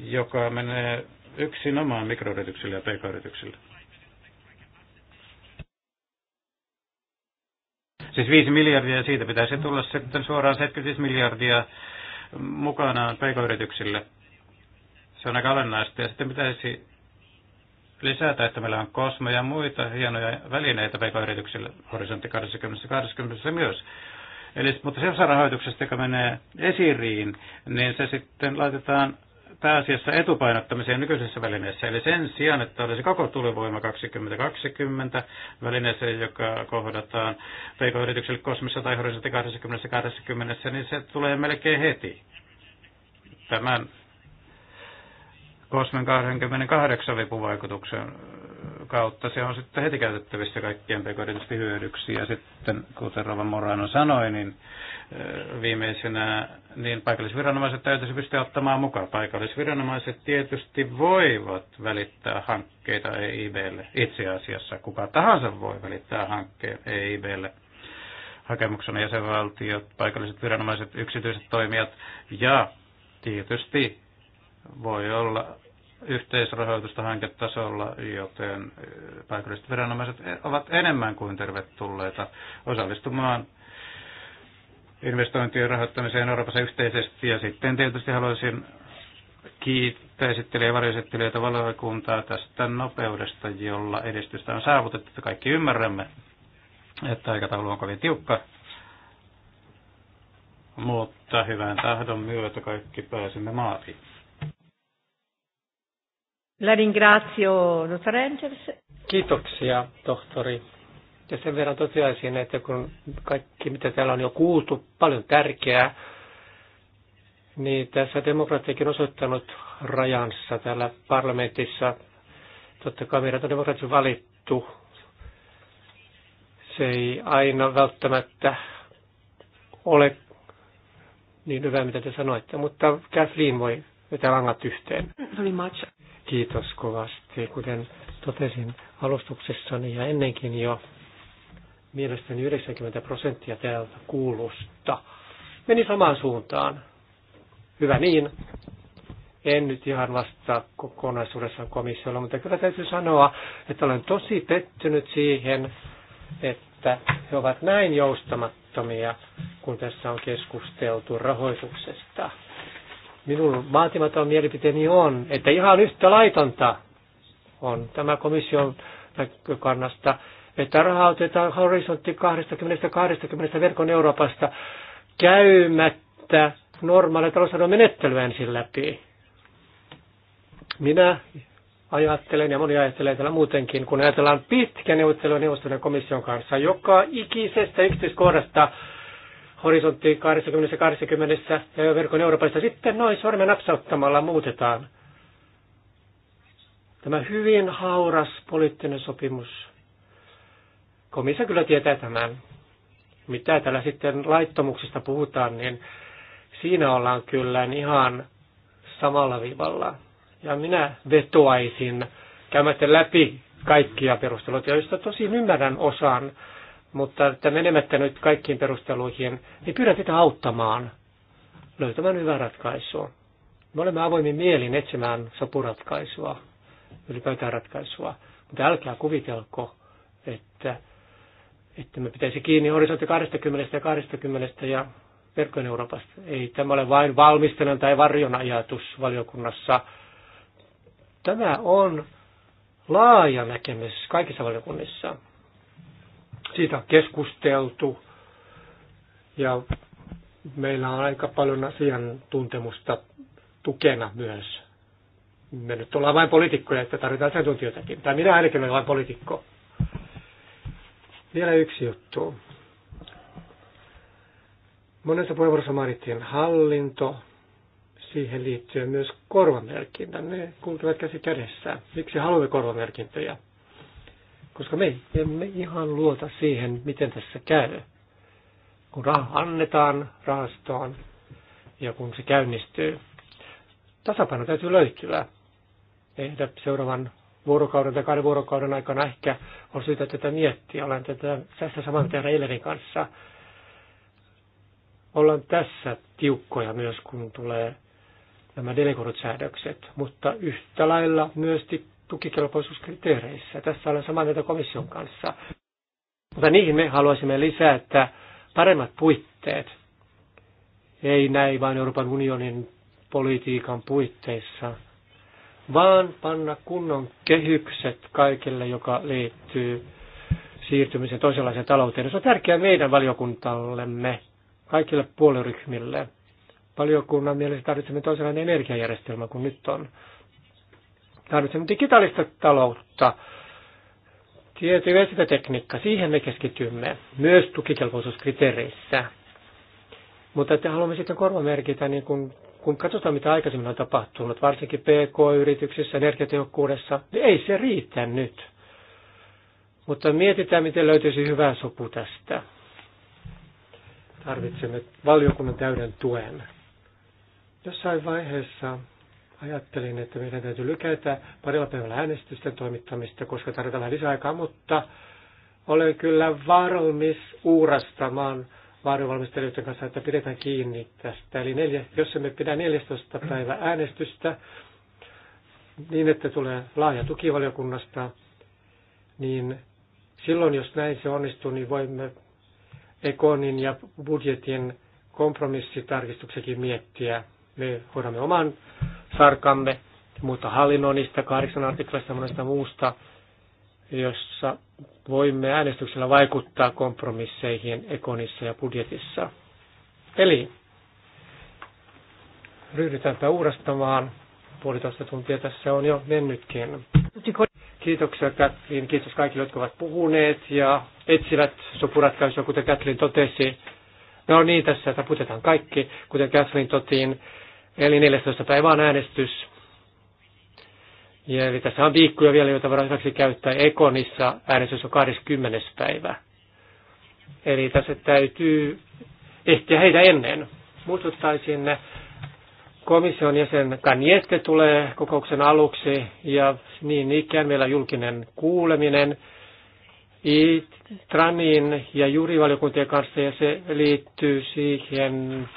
joka menee yksin omaan mikroyrityksille ja pk-yrityksille. Siis 5 miljardia ja siitä pitäisi tulla sitten suoraan 75 miljardia mukanaan pk-yrityksille. Se on aika olennaista. Ja sitten pitäisi lisätä, että meillä on Cosmo ja muita hienoja välineitä pk-yrityksille horisontti 2020, 2020 myös. Eli, mutta se osa rahoituksesta, joka menee esiriin, niin se sitten laitetaan pääasiassa etupainottamiseen nykyisessä välineessä. Eli sen sijaan, että olisi koko tulivoima 2020 välineessä, joka kohdataan pk-yritykselle kosmissa tai horisontti 2020, niin se tulee melkein heti. Tämän Kosmen 28 vipuvaikutuksen kautta se on sitten heti käytettävissä kaikkien pk hyödyksi. Ja sitten, kuten Rova Morano sanoi, niin viimeisenä niin paikallisviranomaiset täytyisi pystyä ottamaan mukaan. Paikallisviranomaiset tietysti voivat välittää hankkeita EIBlle. Itse asiassa kuka tahansa voi välittää hankkeen EIBlle hakemuksena jäsenvaltiot, paikalliset viranomaiset, yksityiset toimijat ja tietysti voi olla yhteisrahoitusta hanketasolla, joten eh, paikalliset viranomaiset e, ovat enemmän kuin tervetulleita osallistumaan investointien rahoittamiseen Euroopassa yhteisesti. Ja sitten tietysti haluaisin kiittää esittelijä ja varjoesittelijöitä valiokuntaa tästä nopeudesta, jolla edistystä on saavutettu. Että kaikki ymmärrämme, että aikataulu on kovin tiukka, mutta hyvän tahdon myötä kaikki pääsemme maaliin. La ringrazio, dottor Angels. Kiitoksia, tohtori. Ja sen verran toteaisin, että kun kaikki, mitä täällä on jo kuultu, paljon tärkeää, niin tässä demokratiakin osoittanut rajansa täällä parlamentissa. Totta kai meidät on demokratia valittu. Se ei aina välttämättä ole niin hyvä, mitä te sanoitte, mutta Kathleen voi vetää langat yhteen. Kiitos kovasti. Kuten totesin alustuksessani ja ennenkin jo, mielestäni 90 prosenttia täältä kuulusta meni samaan suuntaan. Hyvä niin. En nyt ihan vastaa kokonaisuudessaan komissiolla, mutta kyllä täytyy sanoa, että olen tosi pettynyt siihen, että he ovat näin joustamattomia, kun tässä on keskusteltu rahoituksesta. Minun vaatimaton mielipiteeni on, että ihan yhtä laitonta on tämä komission näkökannasta, että rahaa otetaan horisontti 20-20 verkon Euroopasta käymättä normaalia talousarvon menettelyä ensin läpi. Minä ajattelen ja moni ajattelee täällä muutenkin, kun ajatellaan pitkä neuvottelu neuvoston ja komission kanssa, joka ikisestä yksityiskohdasta horisontti 20 80 verkon Euroopasta. Sitten noin sormen napsauttamalla muutetaan. Tämä hyvin hauras poliittinen sopimus. Komissio kyllä tietää tämän. Mitä täällä sitten laittomuksista puhutaan, niin siinä ollaan kyllä ihan samalla viivalla. Ja minä vetoaisin käymättä läpi kaikkia perustelut, joista tosi ymmärrän osan mutta että menemättä nyt kaikkiin perusteluihin, niin pyydän sitä auttamaan löytämään hyvää ratkaisua. Me olemme avoimin mielin etsimään sopuratkaisua, ylipäätään ratkaisua. Mutta älkää kuvitelko, että, että me pitäisi kiinni horisontti 20 ja 20 ja verkkojen Euroopasta. Ei tämä ole vain valmistelun tai varjon ajatus valiokunnassa. Tämä on laaja näkemys kaikissa valiokunnissa. Siitä on keskusteltu ja meillä on aika paljon asiantuntemusta tukena myös. Me nyt ollaan vain poliitikkoja, että tarvitaan asiantuntijoitakin. Tai minä ainakin olen vain poliitikko. Vielä yksi juttu. Monessa puheenvuorossa mainittiin hallinto, siihen liittyy myös korvamerkintä. Ne kulkevat käsi kädessä. Miksi haluamme korvamerkintöjä? koska me emme ihan luota siihen, miten tässä käy. Kun raha annetaan rahastoon ja kun se käynnistyy, tasapaino täytyy löytyä. Ehkä seuraavan vuorokauden tai kahden vuorokauden aikana ehkä on syytä tätä miettiä. Olen tätä tässä saman tehdä Eilerin kanssa. Ollaan tässä tiukkoja myös, kun tulee nämä delegoidut säädökset, mutta yhtä lailla myös tukikelpoisuuskriteereissä. Tässä olen samaa mieltä komission kanssa. Mutta niihin me haluaisimme lisätä paremmat puitteet. Ei näin vain Euroopan unionin politiikan puitteissa, vaan panna kunnon kehykset kaikille, joka liittyy siirtymisen toisenlaiseen talouteen. Se on tärkeää meidän valiokuntallemme, kaikille puoliryhmille. Valiokunnan mielestä tarvitsemme toisenlainen energiajärjestelmä kuin nyt on. Tarvitsemme digitaalista taloutta, tieto- ja tekniikka, siihen me keskitymme, myös tukikelpoisuuskriteereissä. Mutta että haluamme sitten korvamerkitä, niin kun, kun katsotaan mitä aikaisemmin on tapahtunut, varsinkin PK-yrityksissä, energiatehokkuudessa, niin ei se riitä nyt. Mutta mietitään, miten löytyisi hyvä sopu tästä. Tarvitsemme valiokunnan täyden tuen. Jossain vaiheessa Ajattelin, että meidän täytyy lykätä parilla päivällä äänestysten toimittamista, koska tarvitaan vähän lisäaikaa, mutta olen kyllä valmis uurastamaan vaarivalmistelijoiden kanssa, että pidetään kiinni tästä. Eli neljä, jos me pidä 14. päivä äänestystä niin, että tulee laaja tukivaliokunnasta, niin silloin, jos näin se onnistuu, niin voimme Ekonin ja budjetin kompromissitarkistuksekin miettiä. Me hoidamme oman sarkamme, mutta hallinnoinnista, kahdeksan artiklasta ja monesta muusta, jossa voimme äänestyksellä vaikuttaa kompromisseihin ekonissa ja budjetissa. Eli ryhdytäänpä uudestamaan. Puolitoista tuntia tässä on jo mennytkin. Kiitoksia Katlin, kiitos kaikille, jotka ovat puhuneet ja etsivät sopuratkaisua, kuten Katlin totesi. No niin, tässä taputetaan kaikki, kuten Kathleen totiin. Eli 14. päivä on äänestys. Ja eli tässä on viikkoja vielä, joita voidaan hyväksi käyttää. Ekonissa äänestys on 20. päivä. Eli tässä täytyy ehtiä heitä ennen. Muistuttaisin, komission jäsen Kanjette tulee kokouksen aluksi ja niin ikään meillä julkinen kuuleminen Tranin ja juurivaliokuntien kanssa ja se liittyy siihen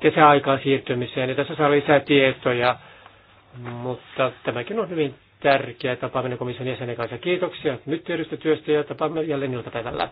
kesäaikaan siirtymiseen. Ja tässä saa lisää tietoja, mutta tämäkin on hyvin tärkeä tapaaminen komission jäsenen kanssa. Kiitoksia nyt tiedosta työstä ja tapaamme jälleen iltapäivällä.